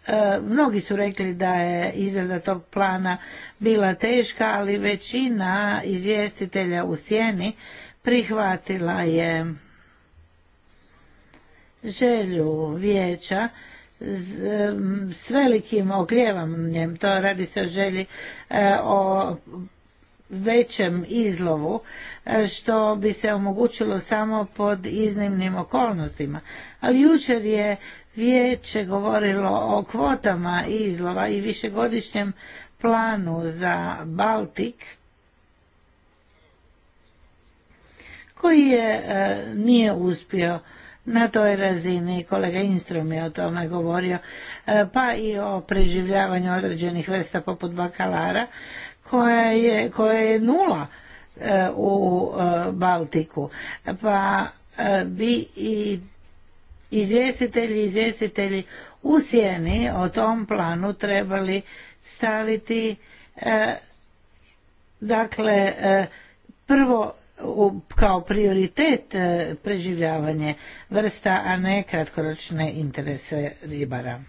E, mnogi su rekli da je izrada tog plana bila teška, ali većina izvjestitelja u sjeni prihvatila je želju vijeća s velikim okljevanjem, to radi se o želji e, o većem izlovu e, što bi se omogućilo samo pod iznimnim okolnostima. Ali jučer je vijeće govorilo o kvotama izlova i višegodišnjem planu za Baltik koji je e, nije uspio na toj razini kolega Instrum je o tome govorio e, pa i o preživljavanju određenih vrsta poput bakalara koja je, je nula e, u e, Baltiku. Pa e, bi i izvjestitelji i izvjestitelji u sjeni o tom planu trebali staviti dakle prvo kao prioritet preživljavanje vrsta, a ne kratkoročne interese ribara.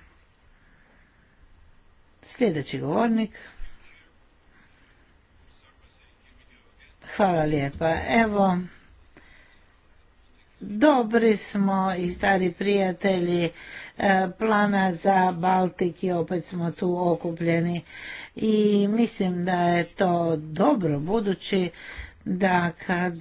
Sljedeći govornik. Hvala lijepa. Evo, dobri smo i stari prijatelji e, plana za Baltik i opet smo tu okupljeni i mislim da je to dobro budući da kad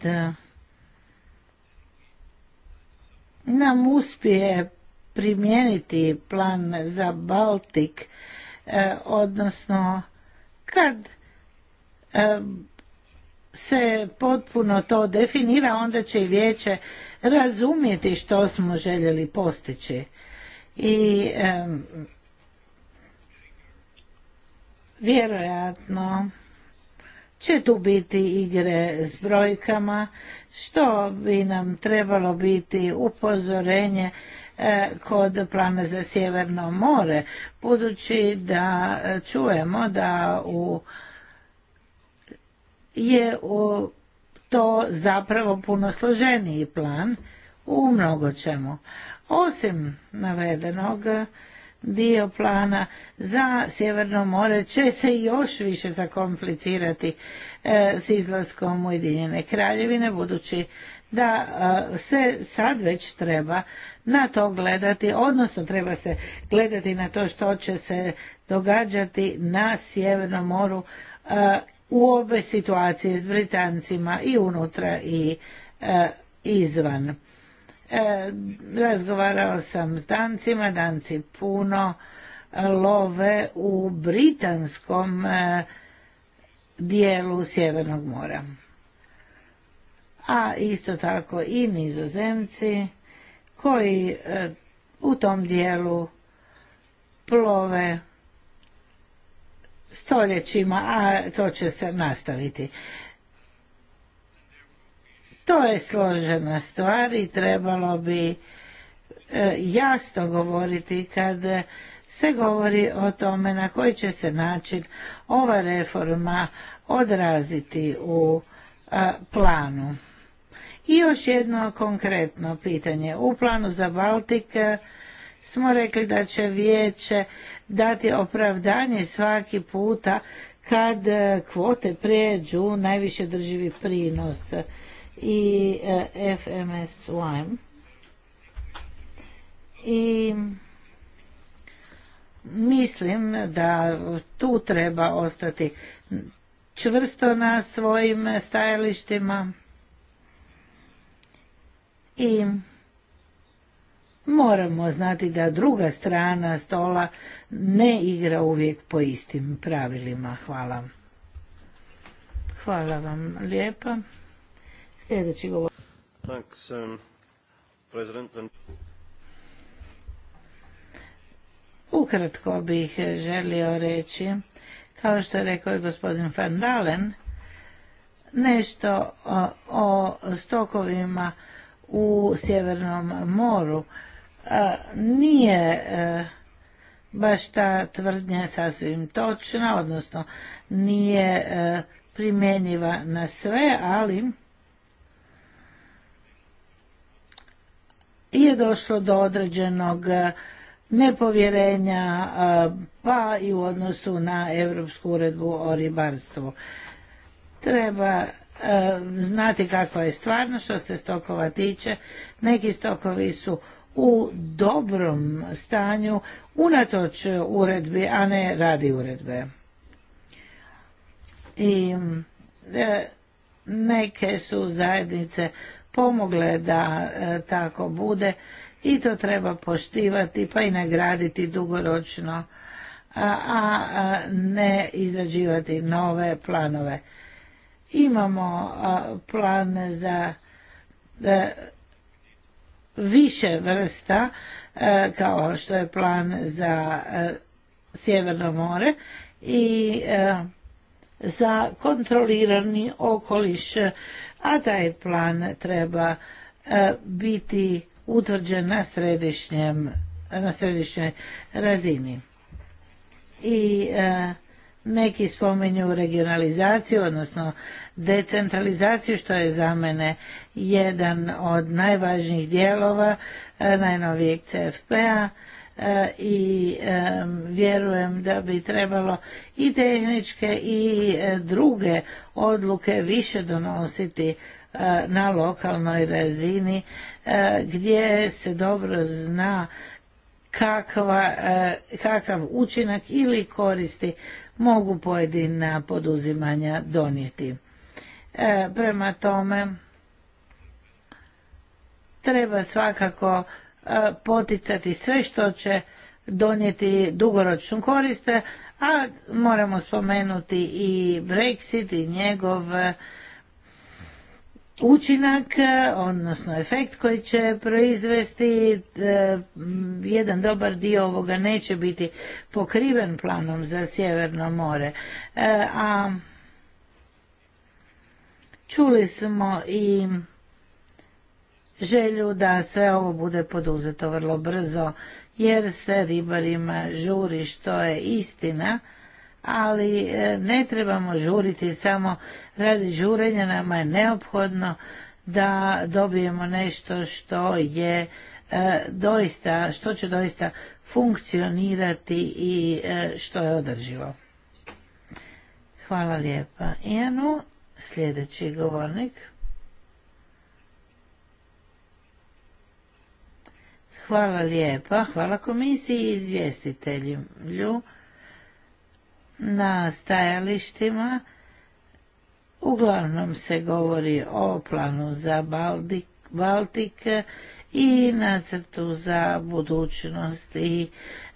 nam uspije primijeniti plan za Baltik, e, odnosno kad e, se potpuno to definira, onda će i vijeće razumjeti što smo željeli postići. I vjerojatno će tu biti igre s brojkama, što bi nam trebalo biti upozorenje e, kod plana za Sjeverno more, budući da čujemo da u je to zapravo puno složeniji plan u mnogo čemu. Osim navedenog, dio plana za Sjeverno more će se još više zakomplicirati e, s izlaskom Ujedinjene kraljevine, budući da e, se sad već treba na to gledati, odnosno treba se gledati na to što će se događati na Sjevernom moru e, u obe situacije s Britancima i unutra i e, izvan. E, razgovarao sam s Dancima, Danci puno e, love u britanskom e, dijelu Sjevernog mora. A isto tako i nizozemci koji u tom dijelu plove stoljećima, a to će se nastaviti. To je složena stvar i trebalo bi e, jasno govoriti kad se govori o tome na koji će se način ova reforma odraziti u planu. I još jedno konkretno pitanje. U planu za Baltik smo rekli da će vijeće dati opravdanje svaki puta kad e, kvote prijeđu najviše drživi prinos i e, FMS I mislim da tu treba ostati čvrsto na svojim stajalištima i moramo znati da druga strana stola ne igra uvijek po istim pravilima. Hvala. Hvala vam lijepa. Sljedeći govor. Thanks, um, Ukratko bih želio reći, kao što je rekao i gospodin Van Dalen, nešto o stokovima u Sjevernom moru nije e, baš ta tvrdnja sasvim točna, odnosno nije e, primjenjiva na sve, ali je došlo do određenog e, nepovjerenja pa i u odnosu na Europsku uredbu o ribarstvu. Treba znati kakva je stvarno što se stokova tiče. Neki stokovi su u dobrom stanju unatoč uredbi, a ne radi uredbe. I e, neke su zajednice pomogle da e, tako bude i to treba poštivati pa i nagraditi dugoročno, a ne izrađivati nove planove. Imamo plan za e, više vrsta e, kao što je plan za e, Sjeverno more i e, za kontrolirani okoliš, a taj plan treba biti utvrđen na, središnjem, na središnjoj razini. I neki spominju regionalizaciju, odnosno decentralizaciju, što je za mene jedan od najvažnijih dijelova e, najnovijeg CFP-a e, i e, vjerujem da bi trebalo i tehničke i druge odluke više donositi na lokalnoj razini gdje se dobro zna kakav učinak ili koristi mogu pojedina poduzimanja donijeti. E, prema tome, treba svakako e, poticati sve što će donijeti dugoročnu koriste, a moramo spomenuti i Brexit i njegov učinak, odnosno efekt koji će proizvesti, e, jedan dobar dio ovoga neće biti pokriven planom za Sjeverno more. E, a čuli smo i želju da sve ovo bude poduzeto vrlo brzo, jer se ribarima žuri što je istina, ali e, ne trebamo žuriti samo radi žurenja, nama je neophodno da dobijemo nešto što je e, doista, što će doista funkcionirati i e, što je održivo. Hvala lijepa. Ijanu, sljedeći govornik. Hvala lijepa. Hvala komisiji i izvjestitelju na stajalištima uglavnom se govori o planu za Baltik i nacrtu za budućnost i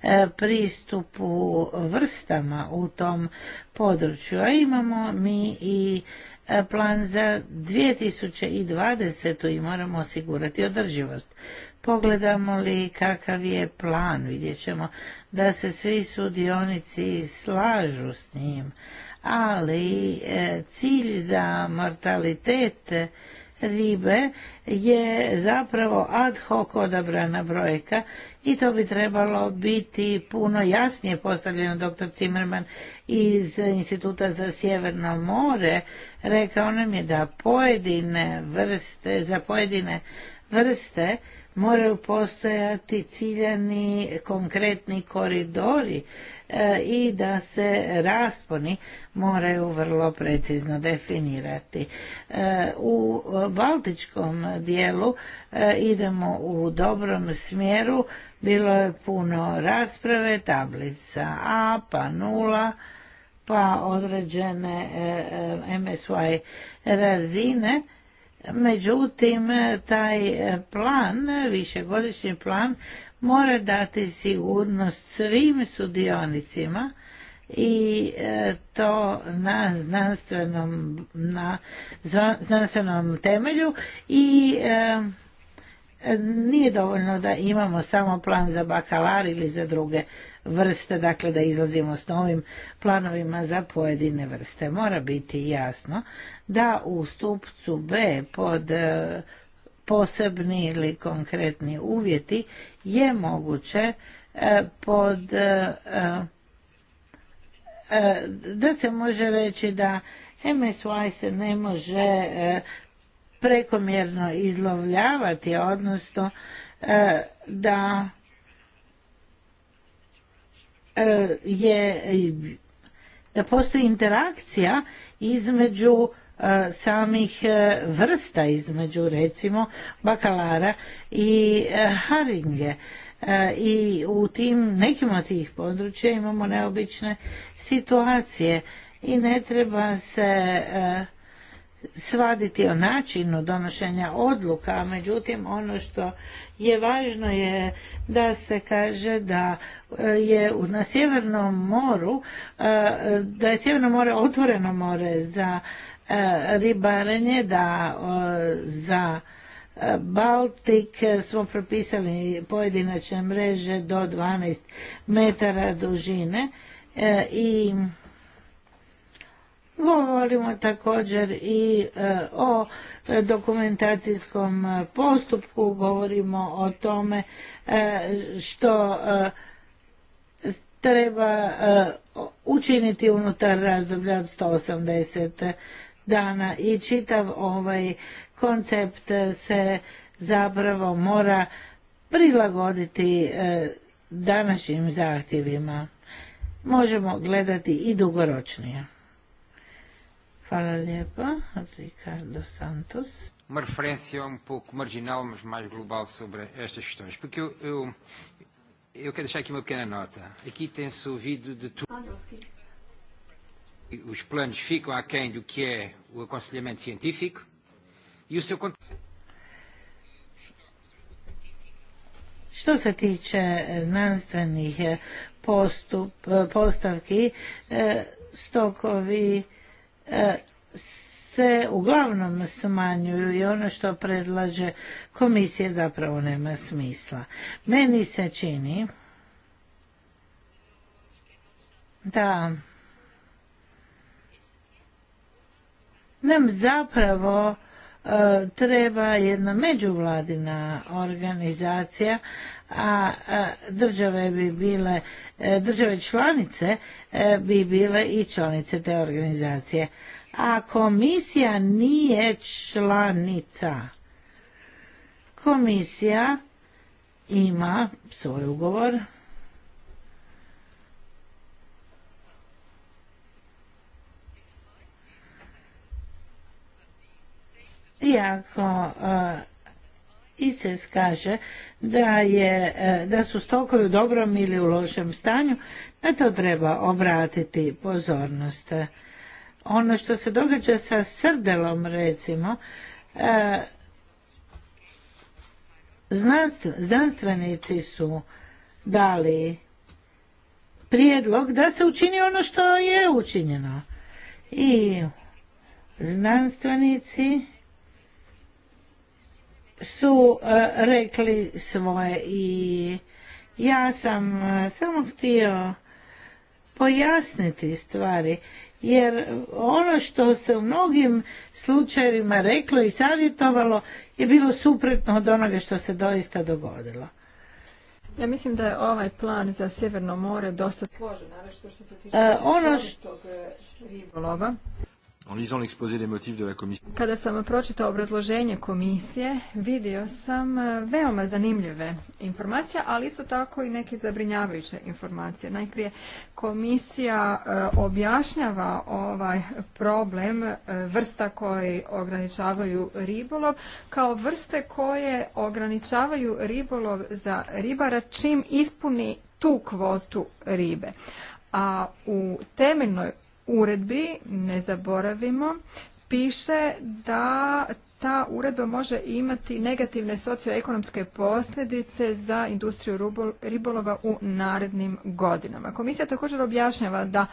e, pristupu vrstama u tom području. A imamo mi i e, plan za 2020. i moramo osigurati održivost. Pogledamo li kakav je plan, vidjet ćemo da se svi sudionici slažu s njim, ali e, cilj za mortalitet ribe je zapravo ad hoc odabrana brojka i to bi trebalo biti puno jasnije postavljeno. Dr. Zimmerman iz Instituta za Sjeverno more rekao nam je da pojedine vrste, za pojedine vrste moraju postojati ciljani konkretni koridori e, i da se rasponi moraju vrlo precizno definirati. E, u baltičkom dijelu e, idemo u dobrom smjeru, bilo je puno rasprave, tablica A, pa nula, pa određene MSY razine Međutim, taj e, plan, višegodišnji plan, mora dati sigurnost svim sudionicima i e, to na znanstvenom, na znanstvenom temelju i e, nije dovoljno da imamo samo plan za bakalar ili za druge vrste, dakle da izlazimo s novim planovima za pojedine vrste. Mora biti jasno da u stupcu B pod e, posebni ili konkretni uvjeti je moguće e, pod e, da se može reći da MSY se ne može prekomjerno izlovljavati, odnosno da E, je da postoji interakcija između e, samih e, vrsta između recimo bakalara i haringe i u tim nekim od tih područja imamo neobične situacije i ne treba se svaditi o načinu donošenja odluka, međutim ono što je važno je da se kaže da e, je na Sjevernom moru, e, da je Sjeverno more otvoreno more za e, ribarenje, da za Baltik smo propisali pojedinačne mreže do 12 metara dužine i Govorimo također i e, o dokumentacijskom e, postupku, govorimo o tome e, što treba učiniti unutar razdoblja od 180 dana i čitav ovaj koncept se zapravo mora prilagoditi današnjim zahtjevima. Možemo gledati i dugoročnije. Hvala lijepa, Ricardo Santos. Uma referência um pouco marginal, mas mais global sobre estas questões, porque eu, eu, eu quero deixar aqui uma pequena e nota. Aqui e tem-se ouvido de tudo. Os planos ficam aquém do que é o e aconselhamento científico o seu se Što se tiče znanstvenih postup, postavki, stokovi E, se uglavnom smanjuju i ono što predlaže komisija zapravo nema smisla. Meni se čini da nam zapravo e, treba jedna međuvladina organizacija a države bi bile, e, države članice e, bi bile i članice te organizacije. A komisija nije članica. Komisija ima svoj ugovor. ako e, ICES kaže da, je, e, da su stokovi u dobrom ili u lošem stanju, na to treba obratiti pozornost. Ono što se događa sa srdelom, recimo, e, znanstvenici su dali prijedlog da se učini ono što je učinjeno. I znanstvenici su e, rekli svoje i ja sam e, samo htio pojasniti stvari jer ono što se u mnogim slučajevima reklo i savjetovalo je bilo suprotno od onoga što se doista dogodilo. Ja mislim da je ovaj plan za Sjeverno more dosta složen, naravno što se tiče e, ono ribolova. Kada sam pročitao obrazloženje komisije, vidio sam e, veoma zanimljive informacije, ali isto tako i neke zabrinjavajuće informacije. Najprije komisija e, objašnjava ovaj problem e, vrsta koje ograničavaju ribolov kao vrste koje ograničavaju ribolov za ribara čim ispuni tu kvotu ribe. A u temeljnoj uredbi, ne zaboravimo, piše da ta uredba može imati negativne socioekonomske posljedice za industriju ribolova u narednim godinama. Komisija također objašnjava da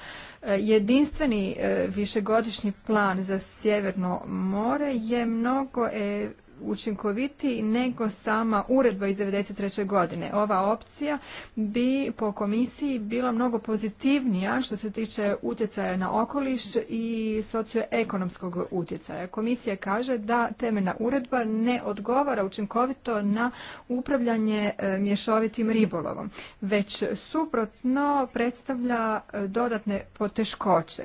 e, jedinstveni e, višegodišnji plan za Sjeverno more je mnogo e, učinkovitiji nego sama uredba iz 1993. godine. Ova opcija bi po komisiji bila mnogo pozitivnija što se tiče utjecaja na okoliš i socioekonomskog utjecaja. Komisija kaže da temeljna uredba ne odgovara učinkovito na upravljanje e, mješovitim ribolovom, već suprotno predstavlja e, dodatne poteškoće.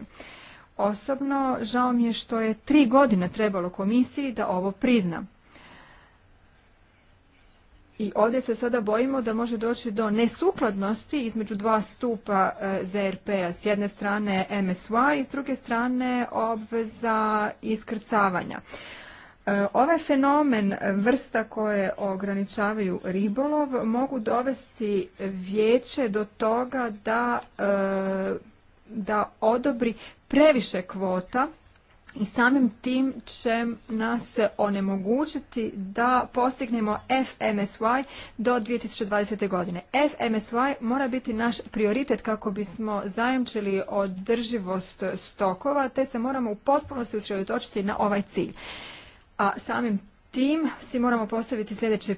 Osobno žao mi je što je tri godine trebalo komisiji da ovo prizna. I ovdje se sada bojimo da može doći do nesukladnosti između dva stupa e, ZRP-a. S jedne strane MSY i s druge strane obveza iskrcavanja. E, ovaj fenomen e, vrsta koje ograničavaju ribolov mogu dovesti vijeće do toga da, da odobri previše kvota i samim tim će nas onemogućiti da postignemo FMSY do 2020. godine. FMSY mora biti naš prioritet kako bismo zajamčili održivost stokova, te se moramo u potpunosti usredotočiti na ovaj cilj. A samim tim si moramo postaviti sljedeće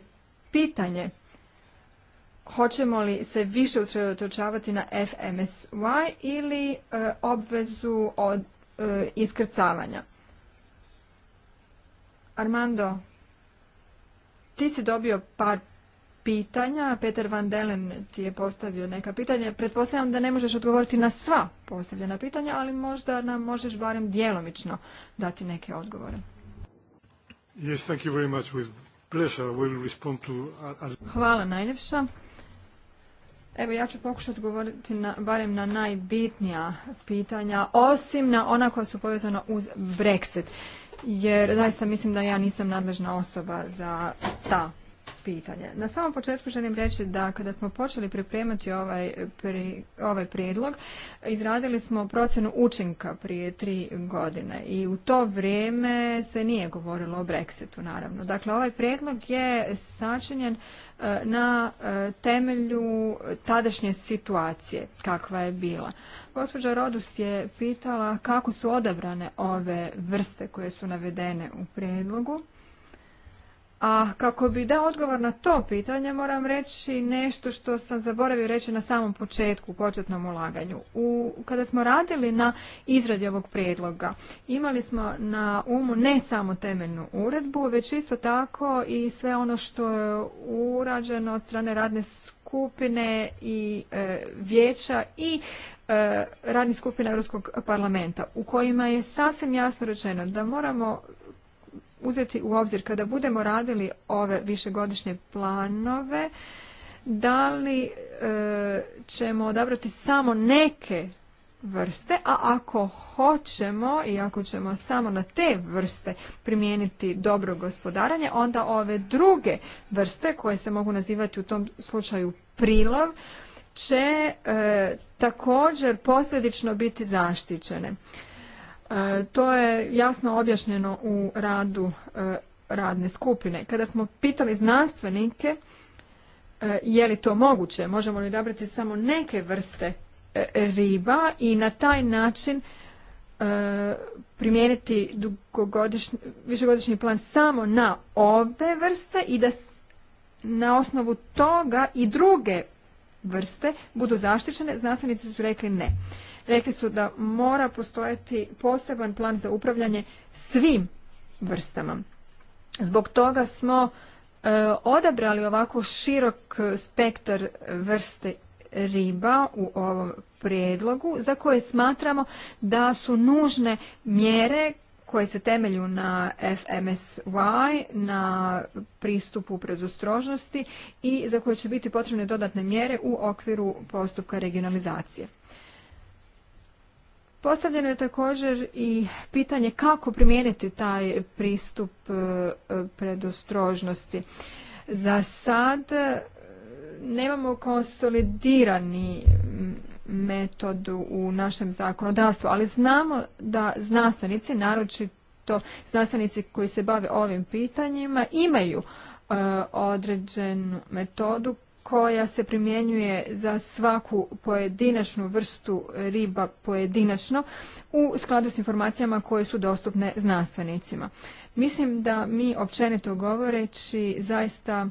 pitanje. Hoćemo li se više usredotočavati na FMSY ili e, obvezu od E, iskrcavanja. Armando, ti si dobio par pitanja, Peter Van Delen ti je postavio neka pitanja. Pretpostavljam da ne možeš odgovoriti na sva postavljena pitanja, ali možda nam možeš barem djelomično dati neke odgovore. Hvala najljepša. Evo ja ću pokušati govoriti na, barem na najbitnija pitanja, osim na ona koja su povezana uz Brexit. Jer zaista mislim da ja nisam nadležna osoba za ta pitanja. Na samom početku želim reći da kada smo počeli pripremati ovaj, pri, ovaj prijedlog, izradili smo procjenu učinka prije tri godine i u to vrijeme se nije govorilo o Brexitu, naravno. Dakle, ovaj prijedlog je sačinjen e, na e, temelju tadašnje situacije kakva je bila. Gospođa Rodust je pitala kako su odabrane ove vrste koje su navedene u prijedlogu. A kako bi dao odgovor na to pitanje, moram reći nešto što sam zaboravio reći na samom početku, u početnom ulaganju. U, kada smo radili na izradi ovog prijedloga, imali smo na umu ne samo temeljnu uredbu, već isto tako i sve ono što je urađeno od strane radne skupine i e, vijeća i e, radnih skupina Europskog parlamenta, u kojima je sasvim jasno rečeno da moramo uzeti u obzir kada budemo radili ove višegodišnje planove, da li e, ćemo odabrati samo neke vrste, a ako hoćemo i ako ćemo samo na te vrste primijeniti dobro gospodaranje, onda ove druge vrste koje se mogu nazivati u tom slučaju prilov, će e, također posljedično biti zaštićene. E, to je jasno objašnjeno u radu e, radne skupine. Kada smo pitali znanstvenike e, je li to moguće, možemo li odabrati samo neke vrste riba i na taj način primijeniti višegodišnji plan samo na ove vrste i da na osnovu toga i druge vrste budu zaštićene, znanstvenici su rekli ne. Rekli su da mora postojati poseban plan za upravljanje svim vrstama. Zbog toga smo e, odabrali ovako širok spektar vrste riba u ovom prijedlogu za koje smatramo da su nužne mjere koje se temelju na FMSY, na pristupu predostrožnosti i za koje će biti potrebne dodatne mjere u okviru postupka regionalizacije. Postavljeno je također i pitanje kako primijeniti taj pristup e, predostrožnosti. Za sad e, nemamo konsolidirani metodu u našem zakonodavstvu, ali znamo da znanstvenici, naročito znanstvenici koji se bave ovim pitanjima, imaju e, određenu metodu koja se primjenjuje za svaku pojedinačnu vrstu riba pojedinačno u skladu s informacijama koje su dostupne znanstvenicima. Mislim da mi općenito govoreći zaista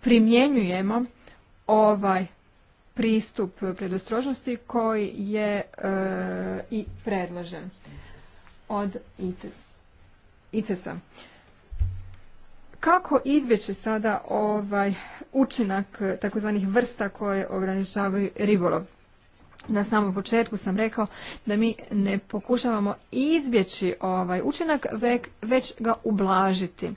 primjenjujemo ovaj pristup predostrožnosti koji je e, i predložen od ICES-a. Kako izbjeći sada ovaj učinak takozvanih vrsta koje ograničavaju ribolov? Na samom početku sam rekao da mi ne pokušavamo izbjeći ovaj učinak, već ga ublažiti.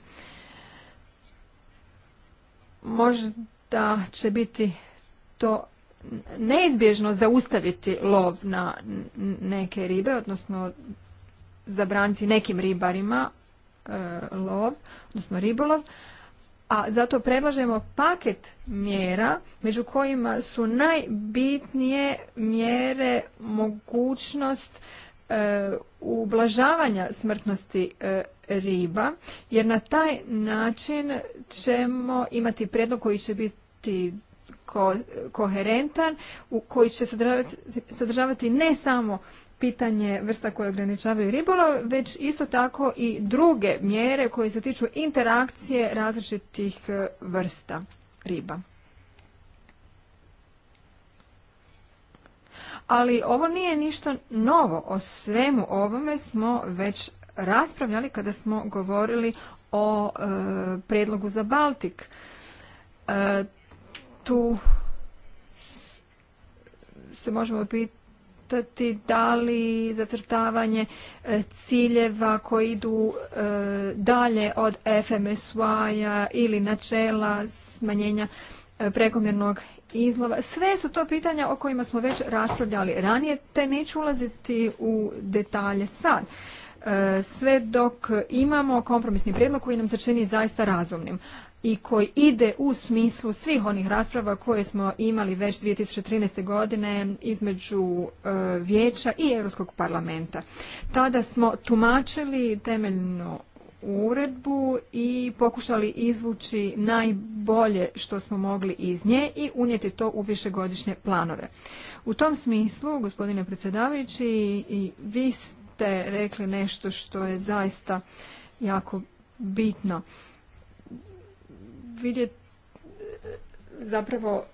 Možda će biti to neizbježno zaustaviti lov na neke ribe, odnosno zabraniti nekim ribarima, E, lov, odnosno ribolov, a zato predlažemo paket mjera među kojima su najbitnije mjere mogućnost e, ublažavanja smrtnosti e, riba jer na taj način ćemo imati prijedlog koji će biti koherentan u koji će sadržavati, sadržavati ne samo pitanje vrsta koje ograničavaju ribolov, već isto tako i druge mjere koje se tiču interakcije različitih e, vrsta riba. Ali ovo nije ništa novo. O svemu ovome smo već raspravljali kada smo govorili o e, predlogu za Baltik. E, tu se možemo pitati da li zacrtavanje e, ciljeva koji idu e, dalje od FMSY-a ili načela smanjenja e, prekomjernog izlova. Sve su to pitanja o kojima smo već raspravljali ranije, te neću ulaziti u detalje sad. Sve dok imamo kompromisni prijedlog koji nam se čini zaista razumnim i koji ide u smislu svih onih rasprava koje smo imali već 2013. godine između e, vijeća i Europskog parlamenta. Tada smo tumačili temeljno uredbu i pokušali izvući najbolje što smo mogli iz nje i unijeti to u višegodišnje planove. U tom smislu, gospodine predsjedavajući, i vi ste rekli nešto što je zaista jako bitno vidjeti zapravo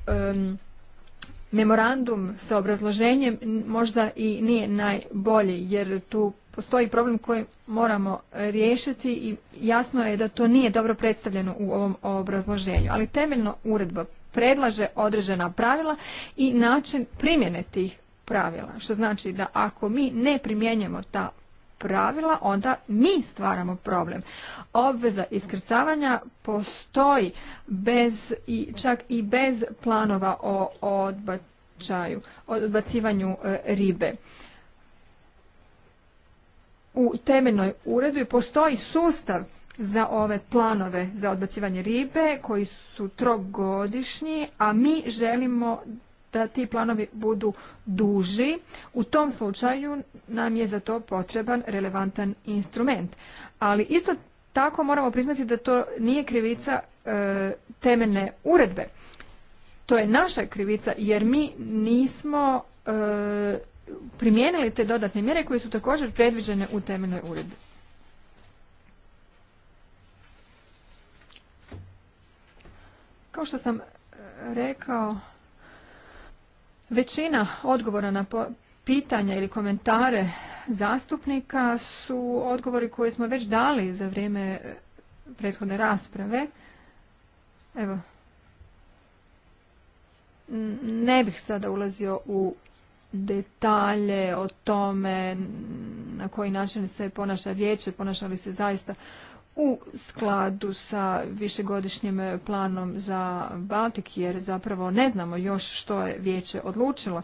memorandum sa obrazloženjem možda i nije najbolji jer tu postoji problem koji moramo riješiti i jasno je da to nije dobro predstavljeno u ovom obrazloženju. Ali temeljno uredba predlaže određena pravila i način primjene tih pravila. Što znači da ako mi ne primjenjamo ta pravila, onda mi stvaramo problem. Obveza iskrcavanja postoji bez i čak i bez planova o odbačaju, odbacivanju e, ribe. U temeljnoj uredu postoji sustav za ove planove za odbacivanje ribe koji su trogodišnji, a mi želimo da ti planovi budu duži. U tom slučaju nam je za to potreban relevantan instrument. Ali isto tako moramo priznati da to nije krivica e, temeljne uredbe. To je naša krivica jer mi nismo e, primijenili te dodatne mjere koje su također predviđene u temeljnoj uredbi. Kao što sam e, rekao Većina odgovora na pitanja ili komentare zastupnika su odgovori koje smo već dali za vrijeme e, prethodne rasprave. Evo, ne bih sada ulazio u detalje o tome na koji način se ponaša vijeće, ponaša li se zaista u skladu sa višegodišnjim planom za Baltik, jer zapravo ne znamo još što je vijeće odlučilo,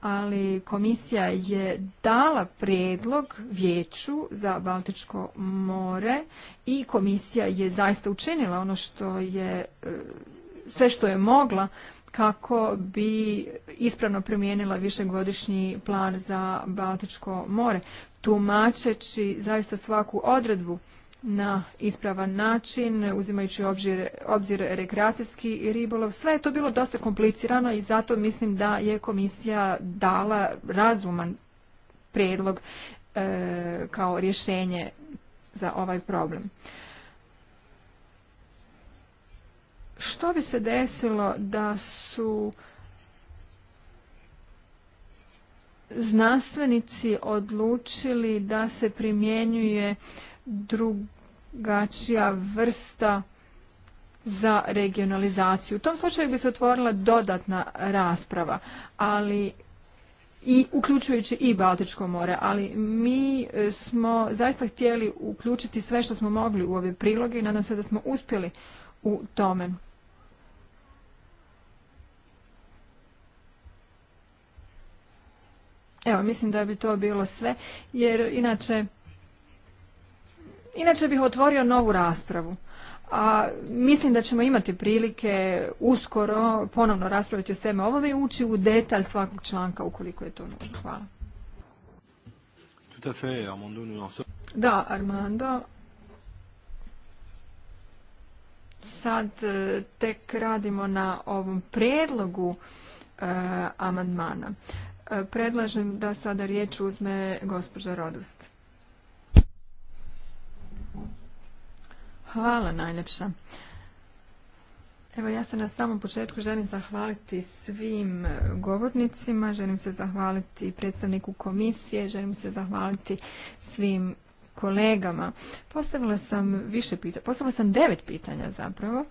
ali komisija je dala prijedlog vijeću za Baltičko more i komisija je zaista učinila ono što je e, sve što je mogla kako bi ispravno primijenila višegodišnji plan za Baltičko more, tumačeći zaista svaku odredbu na ispravan način, uzimajući obzir, obzir rekreacijski ribolov. Sve je to bilo dosta komplicirano i zato mislim da je komisija dala razuman prijedlog e, kao rješenje za ovaj problem. Što bi se desilo da su znanstvenici odlučili da se primjenjuje drugačija vrsta za regionalizaciju. U tom slučaju bi se otvorila dodatna rasprava, ali i uključujući i Baltičko more, ali mi e, smo zaista htjeli uključiti sve što smo mogli u ove priloge i nadam se da smo uspjeli u tome. Evo, mislim da bi to bilo sve, jer inače Inače bih otvorio novu raspravu. A mislim da ćemo imati prilike uskoro ponovno raspraviti o svemu ovome i ući u detalj svakog članka ukoliko je to nužno. Hvala. Da, Armando. Sad e, tek radimo na ovom predlogu e, amandmana. E, predlažem da sada riječ uzme gospođa Rodust. Hvala najljepša. Evo ja se na samom početku želim zahvaliti svim govornicima, želim se zahvaliti predstavniku komisije, želim se zahvaliti svim kolegama. Postavila sam više pitanja, postavila sam devet pitanja zapravo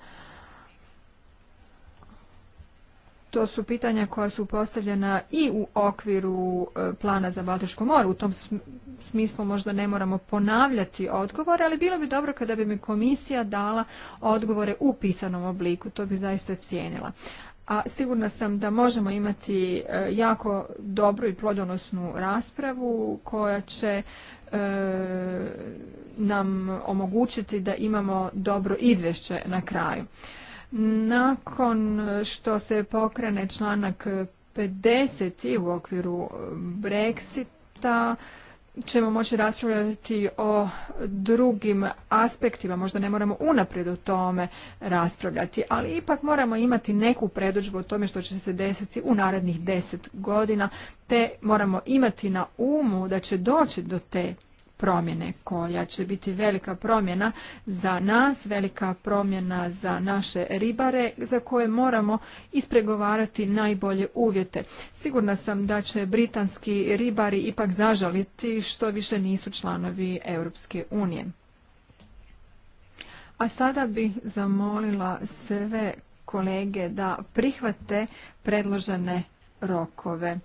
to su pitanja koja su postavljena i u okviru e, plana za Baltičko more. U tom smislu možda ne moramo ponavljati odgovore, ali bilo bi dobro kada bi mi komisija dala odgovore u pisanom obliku. To bi zaista cijenila. A sigurna sam da možemo imati e, jako dobru i plodonosnu raspravu koja će e, nam omogućiti da imamo dobro izvješće na kraju. Nakon što se pokrene članak 50 i u okviru e, Brexita ćemo moći raspravljati o drugim aspektima, možda ne moramo unaprijed o tome raspravljati, ali ipak moramo imati neku predođbu o tome što će se desiti u narednih deset godina, te moramo imati na umu da će doći do te promjene koja će biti velika promjena za nas, velika promjena za naše ribare za koje moramo ispregovarati najbolje uvjete. Sigurna sam da će britanski ribari ipak zažaliti što više nisu članovi Europske unije. A sada bih zamolila sve kolege da prihvate predložene rokove.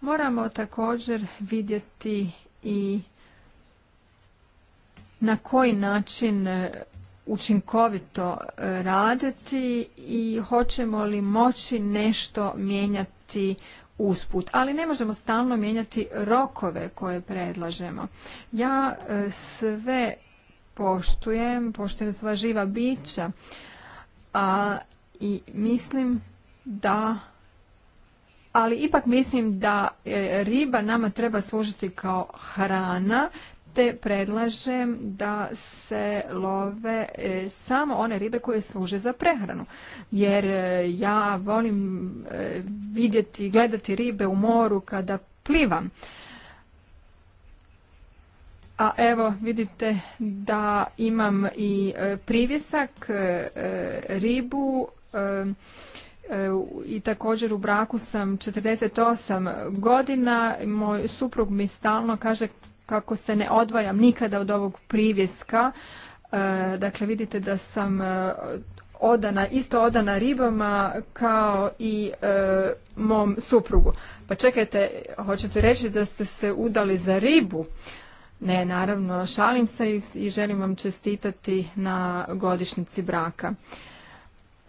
Moramo također vidjeti i na koji način e, učinkovito e, raditi i hoćemo li moći nešto mijenjati usput. Ali ne možemo stalno mijenjati rokove koje predlažemo. Ja e, sve poštujem, poštujem sva živa bića a, i mislim da ali ipak mislim da riba nama treba služiti kao hrana te predlažem da se love e, samo one ribe koje služe za prehranu. Jer e, ja volim e, vidjeti i gledati ribe u moru kada plivam. A evo vidite da imam i privjesak, ribu i također u braku sam 48 godina. Moj suprug mi stalno kaže kako se ne odvajam nikada od ovog privjeska. E, dakle, vidite da sam e, odana, isto odana ribama kao i e, mom suprugu. Pa čekajte, hoćete reći da ste se udali za ribu? Ne, naravno, šalim se i, želim vam čestitati na godišnjici braka.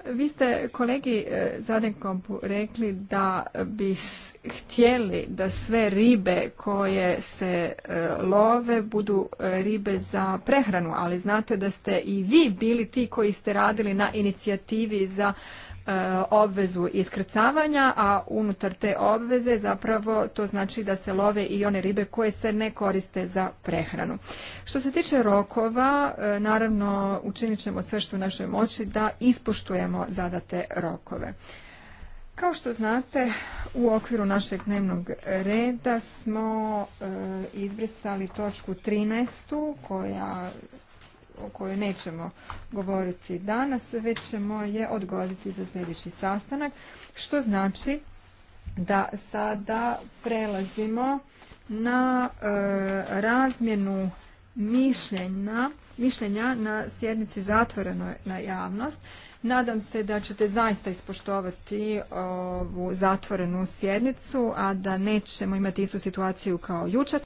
Vi ste kolegi e, Zadenkompu rekli da bi htjeli da sve ribe koje se e, love budu e, ribe za prehranu, ali znate da ste i vi bili ti koji ste radili na inicijativi za E, obvezu iskrcavanja, a unutar te obveze zapravo to znači da se love i one ribe koje se ne koriste za prehranu. Što se tiče rokova, e, naravno učinit ćemo sve što u našoj moći da ispoštujemo zadate rokove. Kao što znate, u okviru našeg dnevnog reda smo e, izbrisali točku 13. koja o kojoj nećemo govoriti danas, već ćemo je odgoditi za sljedeći sastanak, što znači da sada prelazimo na e, razmjenu mišljenja, mišljenja na sjednici zatvorenoj na javnost. Nadam se da ćete zaista ispoštovati ovu zatvorenu sjednicu, a da nećemo imati istu situaciju kao jučer.